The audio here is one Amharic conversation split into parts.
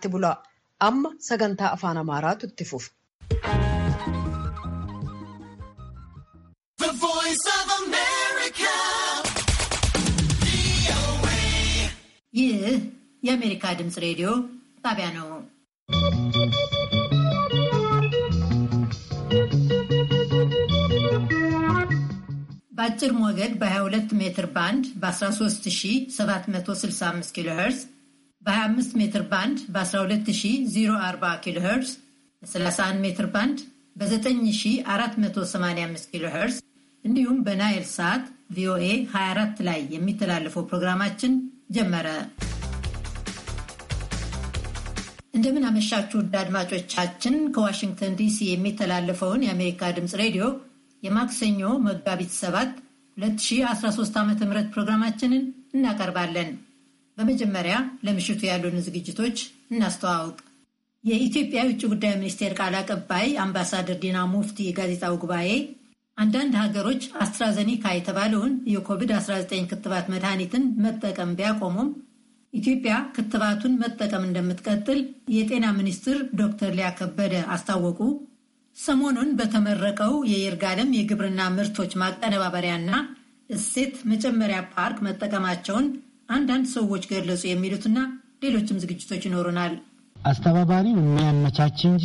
itti bulaa. Amma sagantaa afaan Amaaraatu itti fufa. ይህ የአሜሪካ ድምፅ ሬዲዮ ጣቢያ ነው። በአጭር ሞገድ በ22 ሜትር ባንድ በ13765 ኪሎ ሄርስ በ25 ሜትር ባንድ በ12040 ኪሎ ሄርዝ በ31 ሜትር ባንድ በ9485 ኪሎ ሄርዝ እንዲሁም በናይል ሳት ቪኦኤ 24 ላይ የሚተላለፈው ፕሮግራማችን ጀመረ። እንደምን አመሻችሁ ውድ አድማጮቻችን። ከዋሽንግተን ዲሲ የሚተላለፈውን የአሜሪካ ድምፅ ሬዲዮ የማክሰኞ መጋቢት 7 2013 ዓ ም ፕሮግራማችንን እናቀርባለን። በመጀመሪያ ለምሽቱ ያሉን ዝግጅቶች እናስተዋውቅ። የኢትዮጵያ የውጭ ጉዳይ ሚኒስቴር ቃል አቀባይ አምባሳደር ዲና ሙፍቲ ጋዜጣው ጉባኤ አንዳንድ ሀገሮች አስትራዘኒካ የተባለውን የኮቪድ-19 ክትባት መድኃኒትን መጠቀም ቢያቆሙም ኢትዮጵያ ክትባቱን መጠቀም እንደምትቀጥል የጤና ሚኒስትር ዶክተር ሊያ ከበደ አስታወቁ። ሰሞኑን በተመረቀው የይርጋለም የግብርና ምርቶች ማቀነባበሪያና እሴት መጨመሪያ ፓርክ መጠቀማቸውን አንዳንድ ሰዎች ገለጹ የሚሉትና ሌሎችም ዝግጅቶች ይኖሩናል። አስተባባሪ የሚያመቻች እንጂ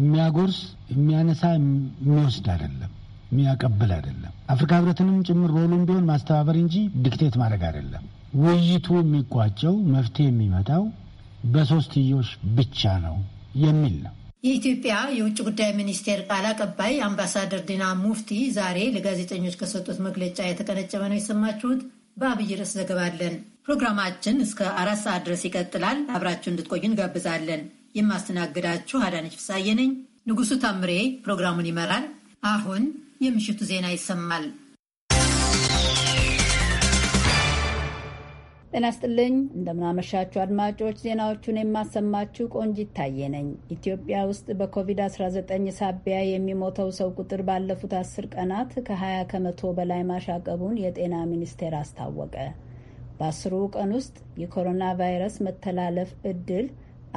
የሚያጎርስ የሚያነሳ የሚወስድ አይደለም፣ የሚያቀብል አይደለም። አፍሪካ ህብረትንም ጭምር ሮሉም ቢሆን ማስተባበር እንጂ ዲክቴት ማድረግ አይደለም። ውይይቱ የሚቋጨው መፍትሄ የሚመጣው በሶስትዮሽ ብቻ ነው የሚል ነው። የኢትዮጵያ የውጭ ጉዳይ ሚኒስቴር ቃል አቀባይ አምባሳደር ዲና ሙፍቲ ዛሬ ለጋዜጠኞች ከሰጡት መግለጫ የተቀነጨበ ነው የሰማችሁት። በአብይ ርዕስ ዘገባ አለን። ፕሮግራማችን እስከ አራት ሰዓት ድረስ ይቀጥላል። አብራችሁ እንድትቆዩ እንጋብዛለን። የማስተናግዳችሁ አዳነች ፍሳዬ ነኝ። ንጉሱ ታምሬ ፕሮግራሙን ይመራል። አሁን የምሽቱ ዜና ይሰማል። ጤና ይስጥልኝ እንደምናመሻችሁ አድማጮች፣ ዜናዎቹን የማሰማችሁ ቆንጅ ይታየ ነኝ። ኢትዮጵያ ውስጥ በኮቪድ-19 ሳቢያ የሚሞተው ሰው ቁጥር ባለፉት አስር ቀናት ከ20 ከመቶ በላይ ማሻቀቡን የጤና ሚኒስቴር አስታወቀ። በአስሩ ቀን ውስጥ የኮሮና ቫይረስ መተላለፍ እድል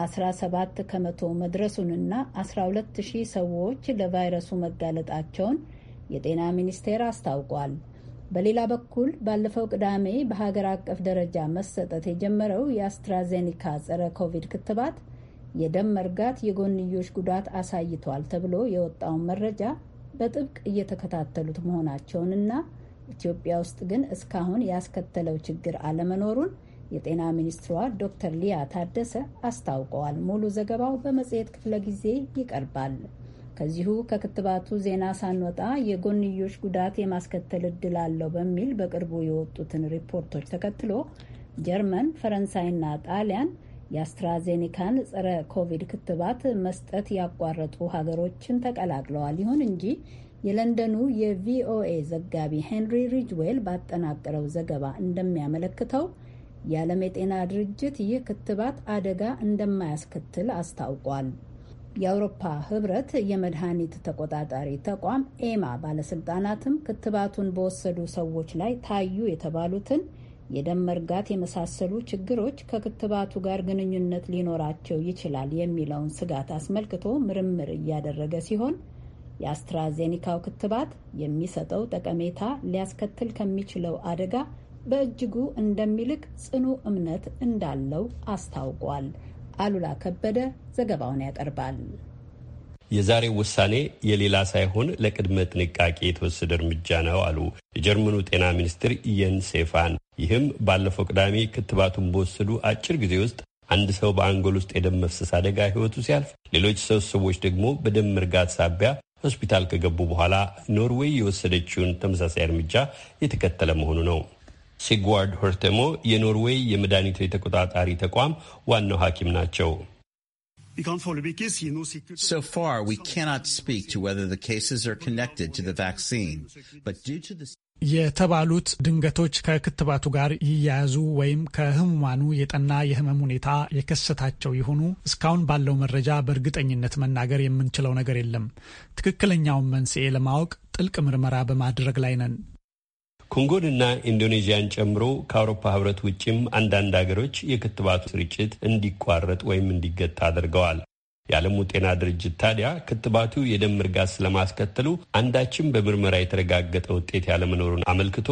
17 ከመቶ መድረሱንና 12ሺህ ሰዎች ለቫይረሱ መጋለጣቸውን የጤና ሚኒስቴር አስታውቋል። በሌላ በኩል ባለፈው ቅዳሜ በሀገር አቀፍ ደረጃ መሰጠት የጀመረው የአስትራዜኒካ ጸረ ኮቪድ ክትባት የደም መርጋት የጎንዮሽ ጉዳት አሳይቷል ተብሎ የወጣውን መረጃ በጥብቅ እየተከታተሉት መሆናቸውንና ኢትዮጵያ ውስጥ ግን እስካሁን ያስከተለው ችግር አለመኖሩን የጤና ሚኒስትሯ ዶክተር ሊያ ታደሰ አስታውቀዋል። ሙሉ ዘገባው በመጽሔት ክፍለ ጊዜ ይቀርባል። ከዚሁ ከክትባቱ ዜና ሳንወጣ የጎንዮሽ ጉዳት የማስከተል እድል አለው በሚል በቅርቡ የወጡትን ሪፖርቶች ተከትሎ ጀርመን፣ ፈረንሳይና ጣሊያን የአስትራዜኒካን ጸረ ኮቪድ ክትባት መስጠት ያቋረጡ ሀገሮችን ተቀላቅለዋል። ይሁን እንጂ የለንደኑ የቪኦኤ ዘጋቢ ሄንሪ ሪጅዌል ባጠናቀረው ዘገባ እንደሚያመለክተው የዓለም የጤና ድርጅት ይህ ክትባት አደጋ እንደማያስከትል አስታውቋል። የአውሮፓ ህብረት የመድኃኒት ተቆጣጣሪ ተቋም ኤማ ባለስልጣናትም ክትባቱን በወሰዱ ሰዎች ላይ ታዩ የተባሉትን የደም መርጋት የመሳሰሉ ችግሮች ከክትባቱ ጋር ግንኙነት ሊኖራቸው ይችላል የሚለውን ስጋት አስመልክቶ ምርምር እያደረገ ሲሆን የአስትራዜኒካው ክትባት የሚሰጠው ጠቀሜታ ሊያስከትል ከሚችለው አደጋ በእጅጉ እንደሚልቅ ጽኑ እምነት እንዳለው አስታውቋል። አሉላ ከበደ ዘገባውን ያቀርባል። የዛሬው ውሳኔ የሌላ ሳይሆን ለቅድመ ጥንቃቄ የተወሰደ እርምጃ ነው አሉ የጀርመኑ ጤና ሚኒስትር ኢየን ሴፋን። ይህም ባለፈው ቅዳሜ ክትባቱን በወሰዱ አጭር ጊዜ ውስጥ አንድ ሰው በአንጎል ውስጥ የደም መፍሰስ አደጋ ህይወቱ ሲያልፍ፣ ሌሎች ሰው ሰዎች ደግሞ በደም መርጋት ሳቢያ ሆስፒታል ከገቡ በኋላ ኖርዌይ የወሰደችውን ተመሳሳይ እርምጃ የተከተለ መሆኑ ነው። ሲግዋርድ ሆርተሞ የኖርዌይ የመድኃኒቶች ተቆጣጣሪ ተቋም ዋናው ሐኪም ናቸው። የተባሉት ድንገቶች ከክትባቱ ጋር ይያያዙ ወይም ከህሙማኑ የጠና የህመም ሁኔታ የከሰታቸው ይሆኑ እስካሁን ባለው መረጃ በእርግጠኝነት መናገር የምንችለው ነገር የለም። ትክክለኛውን መንስኤ ለማወቅ ጥልቅ ምርመራ በማድረግ ላይ ነን። ኮንጎንና ኢንዶኔዥያን ጨምሮ ከአውሮፓ ህብረት ውጭም አንዳንድ ሀገሮች የክትባቱ ስርጭት እንዲቋረጥ ወይም እንዲገታ አድርገዋል። የዓለሙ ጤና ድርጅት ታዲያ ክትባቱ የደም እርጋት ስለማስከተሉ አንዳችም በምርመራ የተረጋገጠ ውጤት ያለመኖሩን አመልክቶ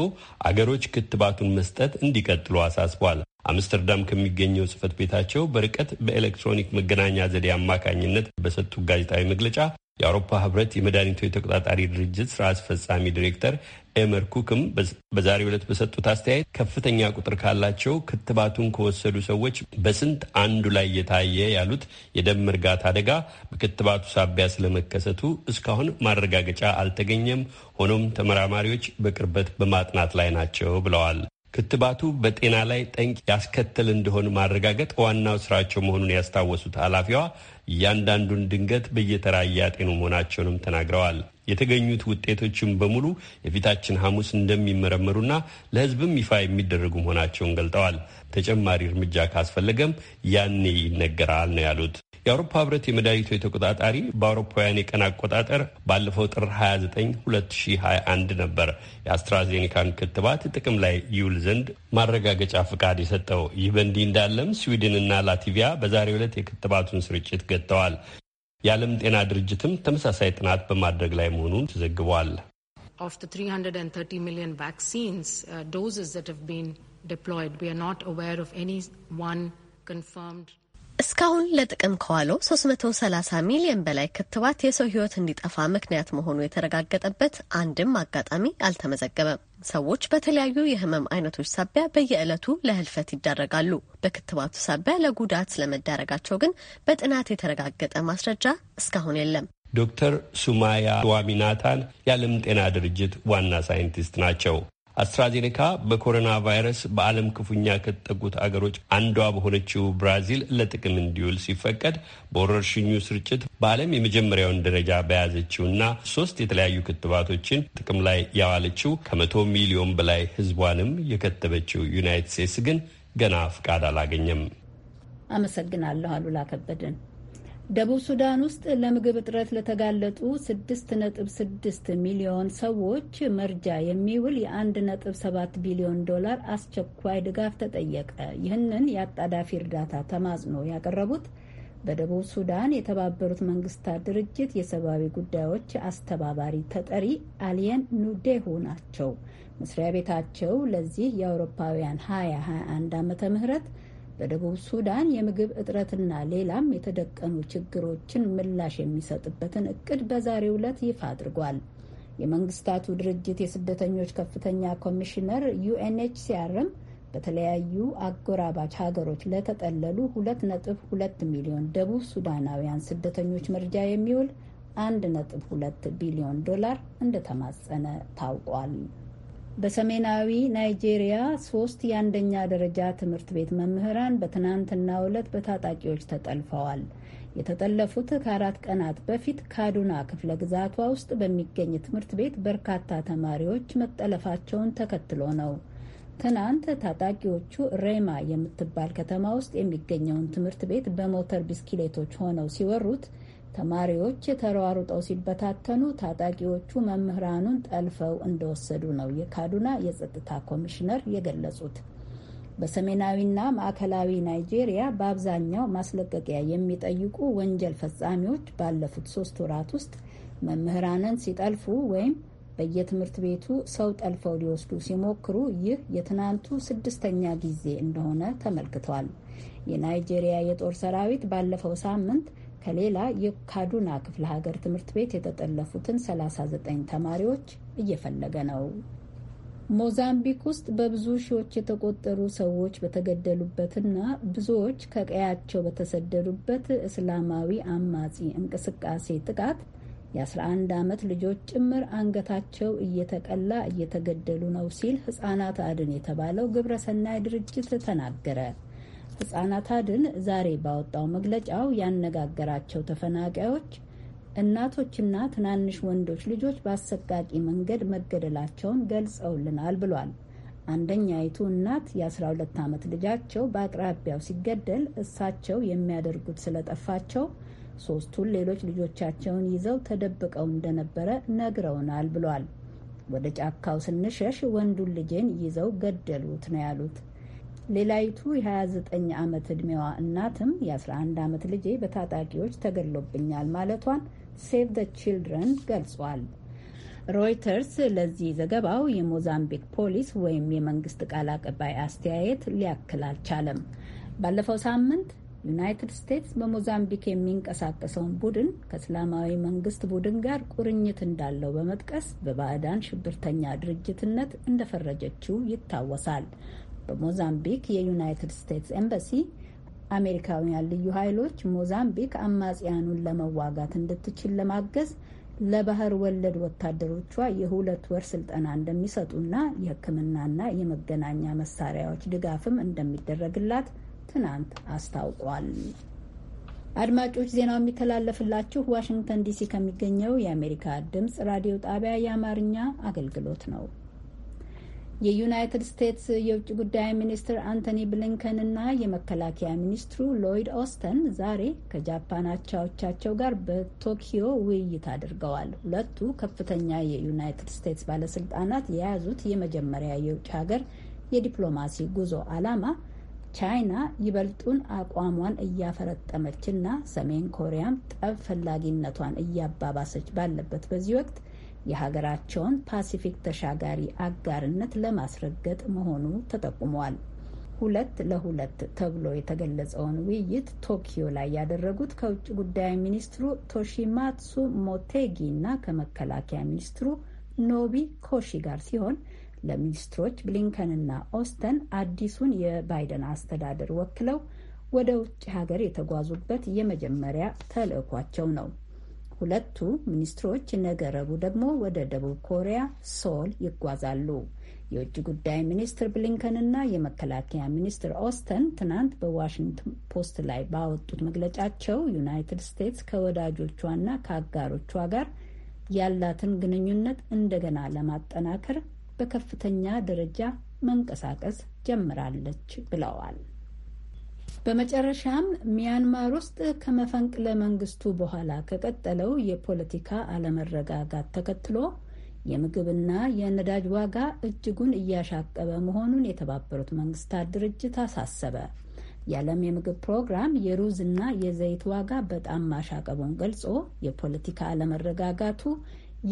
አገሮች ክትባቱን መስጠት እንዲቀጥሉ አሳስቧል። አምስተርዳም ከሚገኘው ጽህፈት ቤታቸው በርቀት በኤሌክትሮኒክ መገናኛ ዘዴ አማካኝነት በሰጡት ጋዜጣዊ መግለጫ የአውሮፓ ህብረት የመድኃኒቶች ተቆጣጣሪ ድርጅት ስራ አስፈጻሚ ዲሬክተር ኤመር ኩክም በዛሬ ዕለት በሰጡት አስተያየት ከፍተኛ ቁጥር ካላቸው ክትባቱን ከወሰዱ ሰዎች በስንት አንዱ ላይ የታየ ያሉት የደም እርጋት አደጋ በክትባቱ ሳቢያ ስለመከሰቱ እስካሁን ማረጋገጫ አልተገኘም። ሆኖም ተመራማሪዎች በቅርበት በማጥናት ላይ ናቸው ብለዋል። ክትባቱ በጤና ላይ ጠንቅ ያስከትል እንደሆን ማረጋገጥ ዋናው ስራቸው መሆኑን ያስታወሱት ኃላፊዋ እያንዳንዱን ድንገት በየተራ እያጤኑ መሆናቸውንም ተናግረዋል። የተገኙት ውጤቶችም በሙሉ የፊታችን ሐሙስ እንደሚመረመሩና ለሕዝብም ይፋ የሚደረጉ መሆናቸውን ገልጠዋል። ተጨማሪ እርምጃ ካስፈለገም ያኔ ይነገራል ነው ያሉት። የአውሮፓ ህብረት የመድኃኒቶች ተቆጣጣሪ በአውሮፓውያን የቀን አቆጣጠር ባለፈው ጥር 29 2021 ነበር የአስትራዜኒካን ክትባት ጥቅም ላይ ይውል ዘንድ ማረጋገጫ ፍቃድ የሰጠው። ይህ በእንዲህ እንዳለም ስዊድንና ላቲቪያ በዛሬው ዕለት የክትባቱን ስርጭት ገጥተዋል። የዓለም ጤና ድርጅትም ተመሳሳይ ጥናት በማድረግ ላይ መሆኑን ተዘግቧል። እስካሁን ለጥቅም ከዋለው 330 ሚሊዮን በላይ ክትባት የሰው ሕይወት እንዲጠፋ ምክንያት መሆኑ የተረጋገጠበት አንድም አጋጣሚ አልተመዘገበም። ሰዎች በተለያዩ የህመም አይነቶች ሳቢያ በየዕለቱ ለህልፈት ይዳረጋሉ። በክትባቱ ሳቢያ ለጉዳት ስለመዳረጋቸው ግን በጥናት የተረጋገጠ ማስረጃ እስካሁን የለም። ዶክተር ሱማያ ዋሚናታን የዓለም ጤና ድርጅት ዋና ሳይንቲስት ናቸው። አስትራዜኔካ በኮሮና ቫይረስ በዓለም ክፉኛ ከተጠቁት አገሮች አንዷ በሆነችው ብራዚል ለጥቅም እንዲውል ሲፈቀድ በወረርሽኙ ስርጭት በዓለም የመጀመሪያውን ደረጃ በያዘችውና ሶስት የተለያዩ ክትባቶችን ጥቅም ላይ ያዋለችው ከመቶ ሚሊዮን በላይ ሕዝቧንም የከተበችው ዩናይትድ ስቴትስ ግን ገና ፍቃድ አላገኘም። አመሰግናለሁ አሉላ ከበደን። ደቡብ ሱዳን ውስጥ ለምግብ እጥረት ለተጋለጡ 6.6 ሚሊዮን ሰዎች መርጃ የሚውል የ1.7 ቢሊዮን ዶላር አስቸኳይ ድጋፍ ተጠየቀ። ይህንን የአጣዳፊ እርዳታ ተማጽኖ ያቀረቡት በደቡብ ሱዳን የተባበሩት መንግስታት ድርጅት የሰብአዊ ጉዳዮች አስተባባሪ ተጠሪ አሊየን ኑዴሁ ናቸው። መስሪያ ቤታቸው ለዚህ የአውሮፓውያን 2021 ዓመተ ምህረት በደቡብ ሱዳን የምግብ እጥረትና ሌላም የተደቀኑ ችግሮችን ምላሽ የሚሰጥበትን እቅድ በዛሬው ዕለት ይፋ አድርጓል። የመንግስታቱ ድርጅት የስደተኞች ከፍተኛ ኮሚሽነር ዩኤንኤችሲአርም በተለያዩ አጎራባች ሀገሮች ለተጠለሉ 2.2 ሚሊዮን ደቡብ ሱዳናውያን ስደተኞች መርጃ የሚውል 1.2 ቢሊዮን ዶላር እንደተማጸነ ታውቋል። በሰሜናዊ ናይጄሪያ ሶስት የአንደኛ ደረጃ ትምህርት ቤት መምህራን በትናንትናው ዕለት በታጣቂዎች ተጠልፈዋል። የተጠለፉት ከአራት ቀናት በፊት ካዱና ክፍለ ግዛቷ ውስጥ በሚገኝ ትምህርት ቤት በርካታ ተማሪዎች መጠለፋቸውን ተከትሎ ነው። ትናንት ታጣቂዎቹ ሬማ የምትባል ከተማ ውስጥ የሚገኘውን ትምህርት ቤት በሞተር ብስክሌቶች ሆነው ሲወሩት ተማሪዎች ተሯሩጠው ሲበታተኑ ታጣቂዎቹ መምህራኑን ጠልፈው እንደወሰዱ ነው የካዱና የጸጥታ ኮሚሽነር የገለጹት። በሰሜናዊና ማዕከላዊ ናይጄሪያ በአብዛኛው ማስለቀቂያ የሚጠይቁ ወንጀል ፈጻሚዎች ባለፉት ሶስት ወራት ውስጥ መምህራንን ሲጠልፉ ወይም በየትምህርት ቤቱ ሰው ጠልፈው ሊወስዱ ሲሞክሩ ይህ የትናንቱ ስድስተኛ ጊዜ እንደሆነ ተመልክቷል። የናይጄሪያ የጦር ሰራዊት ባለፈው ሳምንት ከሌላ የካዱና ክፍለ ሀገር ትምህርት ቤት የተጠለፉትን 39 ተማሪዎች እየፈለገ ነው። ሞዛምቢክ ውስጥ በብዙ ሺዎች የተቆጠሩ ሰዎች በተገደሉበትና ብዙዎች ከቀያቸው በተሰደዱበት እስላማዊ አማጺ እንቅስቃሴ ጥቃት የ11 ዓመት ልጆች ጭምር አንገታቸው እየተቀላ እየተገደሉ ነው ሲል ሕጻናት አድን የተባለው ግብረሰናይ ድርጅት ተናገረ። ሕፃናት አድን ዛሬ ባወጣው መግለጫው ያነጋገራቸው ተፈናቃዮች እናቶችና ትናንሽ ወንዶች ልጆች በአሰቃቂ መንገድ መገደላቸውን ገልጸውልናል ብሏል። አንደኛይቱ እናት የ12 ዓመት ልጃቸው በአቅራቢያው ሲገደል እሳቸው የሚያደርጉት ስለጠፋቸው ሶስቱን ሌሎች ልጆቻቸውን ይዘው ተደብቀው እንደነበረ ነግረውናል ብሏል። ወደ ጫካው ስንሸሽ ወንዱን ልጄን ይዘው ገደሉት ነው ያሉት። ሌላይቱ የ29 ዓመት ዕድሜዋ እናትም የ11 ዓመት ልጄ በታጣቂዎች ተገድሎብኛል ማለቷን ሴቭ ዘ ችልድረን ገልጿል። ሮይተርስ ለዚህ ዘገባው የሞዛምቢክ ፖሊስ ወይም የመንግስት ቃል አቀባይ አስተያየት ሊያክል አልቻለም። ባለፈው ሳምንት ዩናይትድ ስቴትስ በሞዛምቢክ የሚንቀሳቀሰውን ቡድን ከእስላማዊ መንግስት ቡድን ጋር ቁርኝት እንዳለው በመጥቀስ በባዕዳን ሽብርተኛ ድርጅትነት እንደፈረጀችው ይታወሳል። በሞዛምቢክ የዩናይትድ ስቴትስ ኤምባሲ አሜሪካውያን ልዩ ኃይሎች ሞዛምቢክ አማጽያኑን ለመዋጋት እንድትችል ለማገዝ ለባህር ወለድ ወታደሮቿ የሁለት ወር ስልጠና እንደሚሰጡና የሕክምናና የመገናኛ መሳሪያዎች ድጋፍም እንደሚደረግላት ትናንት አስታውቋል። አድማጮች ዜናው የሚተላለፍላችሁ ዋሽንግተን ዲሲ ከሚገኘው የአሜሪካ ድምፅ ራዲዮ ጣቢያ የአማርኛ አገልግሎት ነው። የዩናይትድ ስቴትስ የውጭ ጉዳይ ሚኒስትር አንቶኒ ብሊንከንና የመከላከያ ሚኒስትሩ ሎይድ ኦስተን ዛሬ ከጃፓን አቻዎቻቸው ጋር በቶኪዮ ውይይት አድርገዋል። ሁለቱ ከፍተኛ የዩናይትድ ስቴትስ ባለስልጣናት የያዙት የመጀመሪያ የውጭ ሀገር የዲፕሎማሲ ጉዞ ዓላማ ቻይና ይበልጡን አቋሟን እያፈረጠመችና ሰሜን ኮሪያም ጠብ ፈላጊነቷን እያባባሰች ባለበት በዚህ ወቅት የሀገራቸውን ፓሲፊክ ተሻጋሪ አጋርነት ለማስረገጥ መሆኑ ተጠቁሟል። ሁለት ለሁለት ተብሎ የተገለጸውን ውይይት ቶኪዮ ላይ ያደረጉት ከውጭ ጉዳይ ሚኒስትሩ ቶሺማትሱ ሞቴጊ እና ከመከላከያ ሚኒስትሩ ኖቢ ኮሺ ጋር ሲሆን ለሚኒስትሮች ብሊንከንና ኦስተን አዲሱን የባይደን አስተዳደር ወክለው ወደ ውጭ ሀገር የተጓዙበት የመጀመሪያ ተልዕኳቸው ነው። ሁለቱ ሚኒስትሮች ነገ ረቡዕ ደግሞ ወደ ደቡብ ኮሪያ ሶል ይጓዛሉ። የውጭ ጉዳይ ሚኒስትር ብሊንከንና የመከላከያ ሚኒስትር ኦስተን ትናንት በዋሽንግተን ፖስት ላይ ባወጡት መግለጫቸው ዩናይትድ ስቴትስ ከወዳጆቿና ከአጋሮቿ ጋር ያላትን ግንኙነት እንደገና ለማጠናከር በከፍተኛ ደረጃ መንቀሳቀስ ጀምራለች ብለዋል። በመጨረሻም ሚያንማር ውስጥ ከመፈንቅለ መንግስቱ በኋላ ከቀጠለው የፖለቲካ አለመረጋጋት ተከትሎ የምግብና የነዳጅ ዋጋ እጅጉን እያሻቀበ መሆኑን የተባበሩት መንግስታት ድርጅት አሳሰበ። የዓለም የምግብ ፕሮግራም የሩዝና የዘይት ዋጋ በጣም ማሻቀቡን ገልጾ የፖለቲካ አለመረጋጋቱ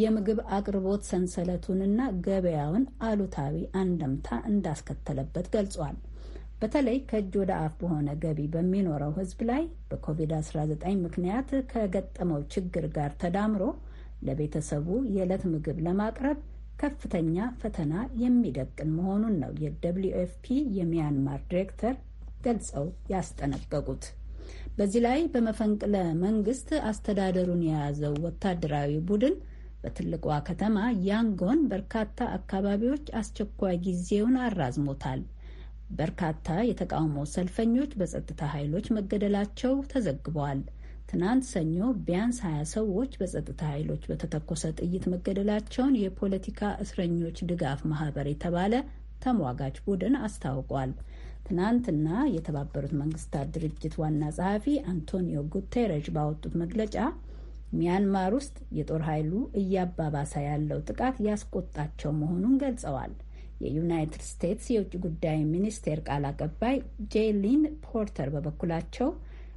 የምግብ አቅርቦት ሰንሰለቱንና ገበያውን አሉታዊ አንደምታ እንዳስከተለበት ገልጿል። በተለይ ከእጅ ወደ አፍ በሆነ ገቢ በሚኖረው ህዝብ ላይ በኮቪድ-19 ምክንያት ከገጠመው ችግር ጋር ተዳምሮ ለቤተሰቡ የዕለት ምግብ ለማቅረብ ከፍተኛ ፈተና የሚደቅን መሆኑን ነው የደብሊዩ ኤፍ ፒ የሚያንማር ዲሬክተር ገልጸው ያስጠነቀቁት። በዚህ ላይ በመፈንቅለ መንግስት አስተዳደሩን የያዘው ወታደራዊ ቡድን በትልቋ ከተማ ያንጎን በርካታ አካባቢዎች አስቸኳይ ጊዜውን አራዝሞታል። በርካታ የተቃውሞ ሰልፈኞች በጸጥታ ኃይሎች መገደላቸው ተዘግበዋል። ትናንት ሰኞ ቢያንስ ሀያ ሰዎች በጸጥታ ኃይሎች በተተኮሰ ጥይት መገደላቸውን የፖለቲካ እስረኞች ድጋፍ ማህበር የተባለ ተሟጋች ቡድን አስታውቋል። ትናንትና የተባበሩት መንግስታት ድርጅት ዋና ጸሐፊ አንቶኒዮ ጉቴረዥ ባወጡት መግለጫ ሚያንማር ውስጥ የጦር ኃይሉ እያባባሰ ያለው ጥቃት ያስቆጣቸው መሆኑን ገልጸዋል። የዩናይትድ ስቴትስ የውጭ ጉዳይ ሚኒስቴር ቃል አቀባይ ጄሊን ፖርተር በበኩላቸው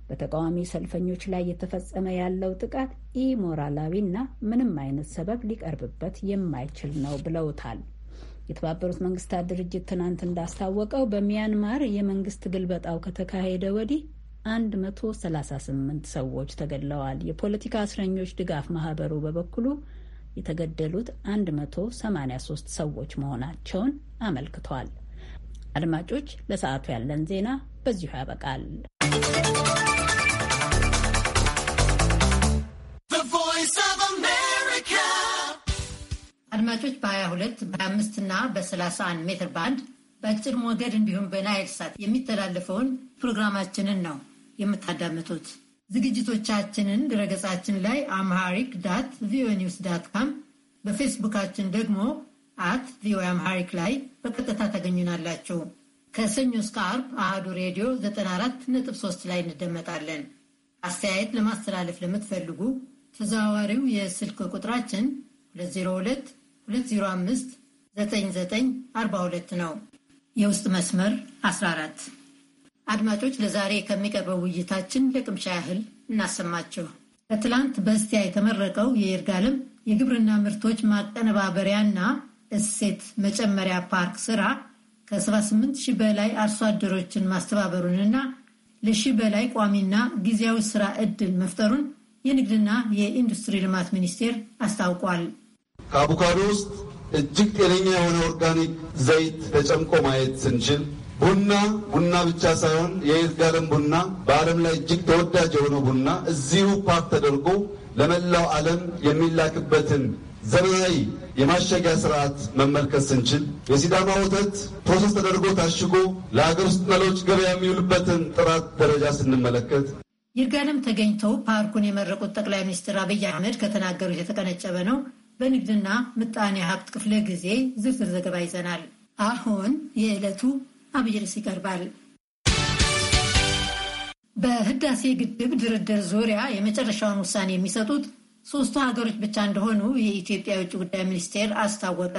በተቃዋሚ ሰልፈኞች ላይ እየተፈጸመ ያለው ጥቃት ኢሞራላዊና ምንም አይነት ሰበብ ሊቀርብበት የማይችል ነው ብለውታል። የተባበሩት መንግስታት ድርጅት ትናንት እንዳስታወቀው በሚያንማር የመንግስት ግልበጣው ከተካሄደ ወዲህ 138 ሰዎች ተገድለዋል። የፖለቲካ እስረኞች ድጋፍ ማህበሩ በበኩሉ የተገደሉት 183 ሰዎች መሆናቸውን አመልክቷል። አድማጮች፣ ለሰዓቱ ያለን ዜና በዚሁ ያበቃል። አድማጮች በ22 በ25 እና በ31 ሜትር ባንድ በአጭር ሞገድ እንዲሁም በናይል ሳት የሚተላለፈውን ፕሮግራማችንን ነው የምታዳምጡት። ዝግጅቶቻችንን ድረገጻችን ላይ አምሃሪክ ዳት ቪኦኤ ኒውስ ዳት ካም፣ በፌስቡካችን ደግሞ አት ቪኦኤ አምሃሪክ ላይ በቀጥታ ታገኙናላችሁ። ከሰኞ እስከ አርብ አህዱ ሬዲዮ 94.3 ላይ እንደመጣለን። አስተያየት ለማስተላለፍ ለምትፈልጉ ተዘዋዋሪው የስልክ ቁጥራችን 42 ነው። የውስጥ መስመር 14 አድማጮች ለዛሬ ከሚቀርበው ውይይታችን ለቅምሻ ያህል እናሰማቸው። ከትላንት በስቲያ የተመረቀው የይርጋለም የግብርና ምርቶች ማቀነባበሪያና እሴት መጨመሪያ ፓርክ ስራ ከ78 ሺህ በላይ አርሶ አደሮችን ማስተባበሩንና ለሺህ በላይ ቋሚና ጊዜያዊ ስራ ዕድል መፍጠሩን የንግድና የኢንዱስትሪ ልማት ሚኒስቴር አስታውቋል። ከአቮካዶ ውስጥ እጅግ ጤነኛ የሆነ ኦርጋኒክ ዘይት ተጨምቆ ማየት ስንችል ቡና ቡና ብቻ ሳይሆን የይርጋለም ቡና በዓለም ላይ እጅግ ተወዳጅ የሆነው ቡና እዚሁ ፓክ ተደርጎ ለመላው ዓለም የሚላክበትን ዘመናዊ የማሸጊያ ስርዓት መመልከት ስንችል የሲዳማ ወተት ፕሮሰስ ተደርጎ ታሽጎ ለሀገር ውስጥ መሎች ገበያ የሚውልበትን ጥራት ደረጃ ስንመለከት ይርጋለም ተገኝተው ፓርኩን የመረቁት ጠቅላይ ሚኒስትር አብይ አህመድ ከተናገሩት የተቀነጨበ ነው። በንግድና ምጣኔ ሀብት ክፍለ ጊዜ ዝርዝር ዘገባ ይዘናል። አሁን የዕለቱ አብይ ርዕስ ይቀርባል። በህዳሴ ግድብ ድርድር ዙሪያ የመጨረሻውን ውሳኔ የሚሰጡት ሶስቱ ሀገሮች ብቻ እንደሆኑ የኢትዮጵያ የውጭ ጉዳይ ሚኒስቴር አስታወቀ።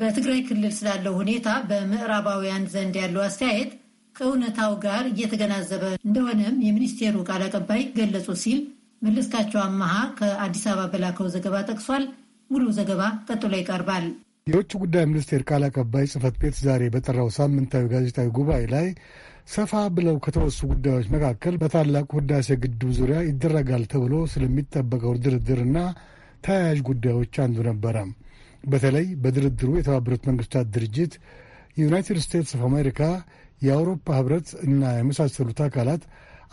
በትግራይ ክልል ስላለው ሁኔታ በምዕራባውያን ዘንድ ያለው አስተያየት ከእውነታው ጋር እየተገናዘበ እንደሆነም የሚኒስቴሩ ቃል አቀባይ ገለጹ ሲል መለስካቸው አመሃ ከአዲስ አበባ በላከው ዘገባ ጠቅሷል። ሙሉ ዘገባ ቀጥሎ ይቀርባል። የውጭ ጉዳይ ሚኒስቴር ቃል አቀባይ ጽህፈት ቤት ዛሬ በጠራው ሳምንታዊ ጋዜጣዊ ጉባኤ ላይ ሰፋ ብለው ከተወሱ ጉዳዮች መካከል በታላቁ ህዳሴ ግድብ ዙሪያ ይደረጋል ተብሎ ስለሚጠበቀው ድርድርና ተያያዥ ጉዳዮች አንዱ ነበረ። በተለይ በድርድሩ የተባበሩት መንግስታት ድርጅት፣ ዩናይትድ ስቴትስ ኦፍ አሜሪካ፣ የአውሮፓ ህብረት እና የመሳሰሉት አካላት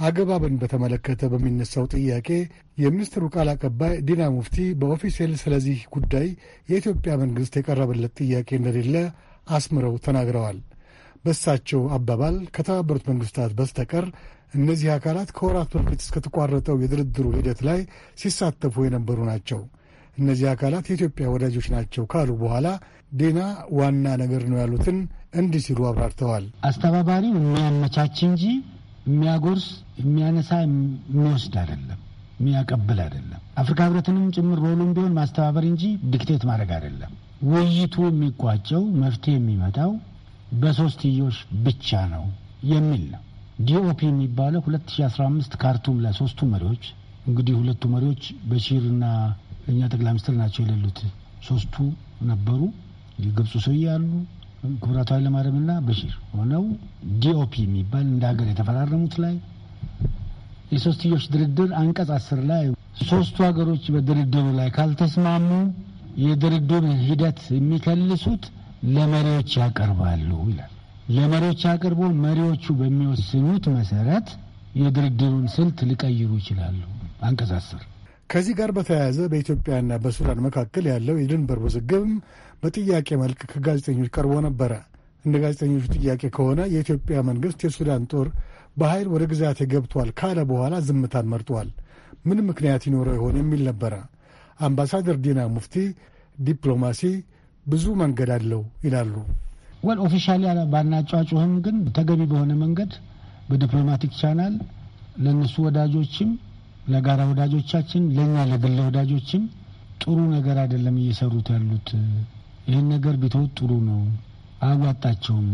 አገባብን በተመለከተ በሚነሳው ጥያቄ የሚኒስትሩ ቃል አቀባይ ዲና ሙፍቲ በኦፊሴል ስለዚህ ጉዳይ የኢትዮጵያ መንግሥት የቀረበለት ጥያቄ እንደሌለ አስምረው ተናግረዋል። በሳቸው አባባል ከተባበሩት መንግሥታት በስተቀር እነዚህ አካላት ከወራት በፊት እስከተቋረጠው የድርድሩ ሂደት ላይ ሲሳተፉ የነበሩ ናቸው። እነዚህ አካላት የኢትዮጵያ ወዳጆች ናቸው ካሉ በኋላ ዴና ዋና ነገር ነው ያሉትን እንዲህ ሲሉ አብራርተዋል። አስተባባሪው የሚያመቻች እንጂ የሚያጎርስ የሚያነሳ የሚወስድ አይደለም፣ የሚያቀብል አይደለም። አፍሪካ ህብረትንም ጭምር ሮሉም ቢሆን ማስተባበር እንጂ ዲክቴት ማድረግ አይደለም። ውይይቱ የሚቋጨው መፍትሄ የሚመጣው በሶስትዮሽ ብቻ ነው የሚል ነው። ዲኦፒ የሚባለው 2015 ካርቱም ላይ ሶስቱ መሪዎች እንግዲህ ሁለቱ መሪዎች በሺርና እኛ ጠቅላይ ሚኒስትር ናቸው የሌሉት ሶስቱ ነበሩ። የግብፁ ሰውዬ አሉ፣ ክቡራቱ እና በሽር ሆነው ዲኦፒ የሚባል እንደ ሀገር የተፈራረሙት ላይ የሶስትዮሽ ድርድር አንቀጽ አስር ላይ ሶስቱ ሀገሮች በድርድሩ ላይ ካልተስማሙ የድርድሩ ሂደት የሚከልሱት ለመሪዎች ያቀርባሉ ይላል። ለመሪዎች ያቀርቦ መሪዎቹ በሚወስኑት መሰረት የድርድሩን ስልት ሊቀይሩ ይችላሉ። አንቀጽ አስር ከዚህ ጋር በተያያዘ በኢትዮጵያና በሱዳን መካከል ያለው የድንበር ውዝግብም በጥያቄ መልክ ከጋዜጠኞች ቀርቦ ነበረ። እንደ ጋዜጠኞቹ ጥያቄ ከሆነ የኢትዮጵያ መንግስት የሱዳን ጦር በኃይል ወደ ግዛቴ ገብቷል ካለ በኋላ ዝምታን መርጧል። ምን ምክንያት ይኖረው ይሆን የሚል ነበረ። አምባሳደር ዲና ሙፍቲ ዲፕሎማሲ ብዙ መንገድ አለው ይላሉ። ወል ኦፊሻሊ ባናጫጩህም ግን ተገቢ በሆነ መንገድ በዲፕሎማቲክ ቻናል ለእነሱ ወዳጆችም ለጋራ ወዳጆቻችን ለእኛ ለግለ ወዳጆችም ጥሩ ነገር አይደለም እየሰሩት ያሉት ይህን ነገር ቢተውት ጥሩ ነው፣ አያዋጣቸውም።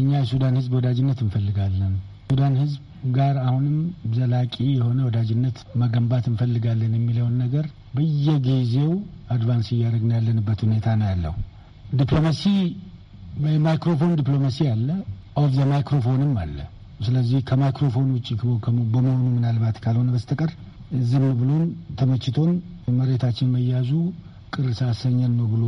እኛ የሱዳን ህዝብ ወዳጅነት እንፈልጋለን። ሱዳን ህዝብ ጋር አሁንም ዘላቂ የሆነ ወዳጅነት መገንባት እንፈልጋለን የሚለውን ነገር በየጊዜው አድቫንስ እያደረግን ያለንበት ሁኔታ ነው ያለው። ዲፕሎማሲ ማይክሮፎን ዲፕሎማሲ አለ፣ ኦፍ ዘ ማይክሮፎንም አለ። ስለዚህ ከማይክሮፎን ውጭ በመሆኑ ምናልባት ካልሆነ በስተቀር ዝም ብሎን ተመችቶን መሬታችን መያዙ ቅር ሳሰኛል ነው ብሎ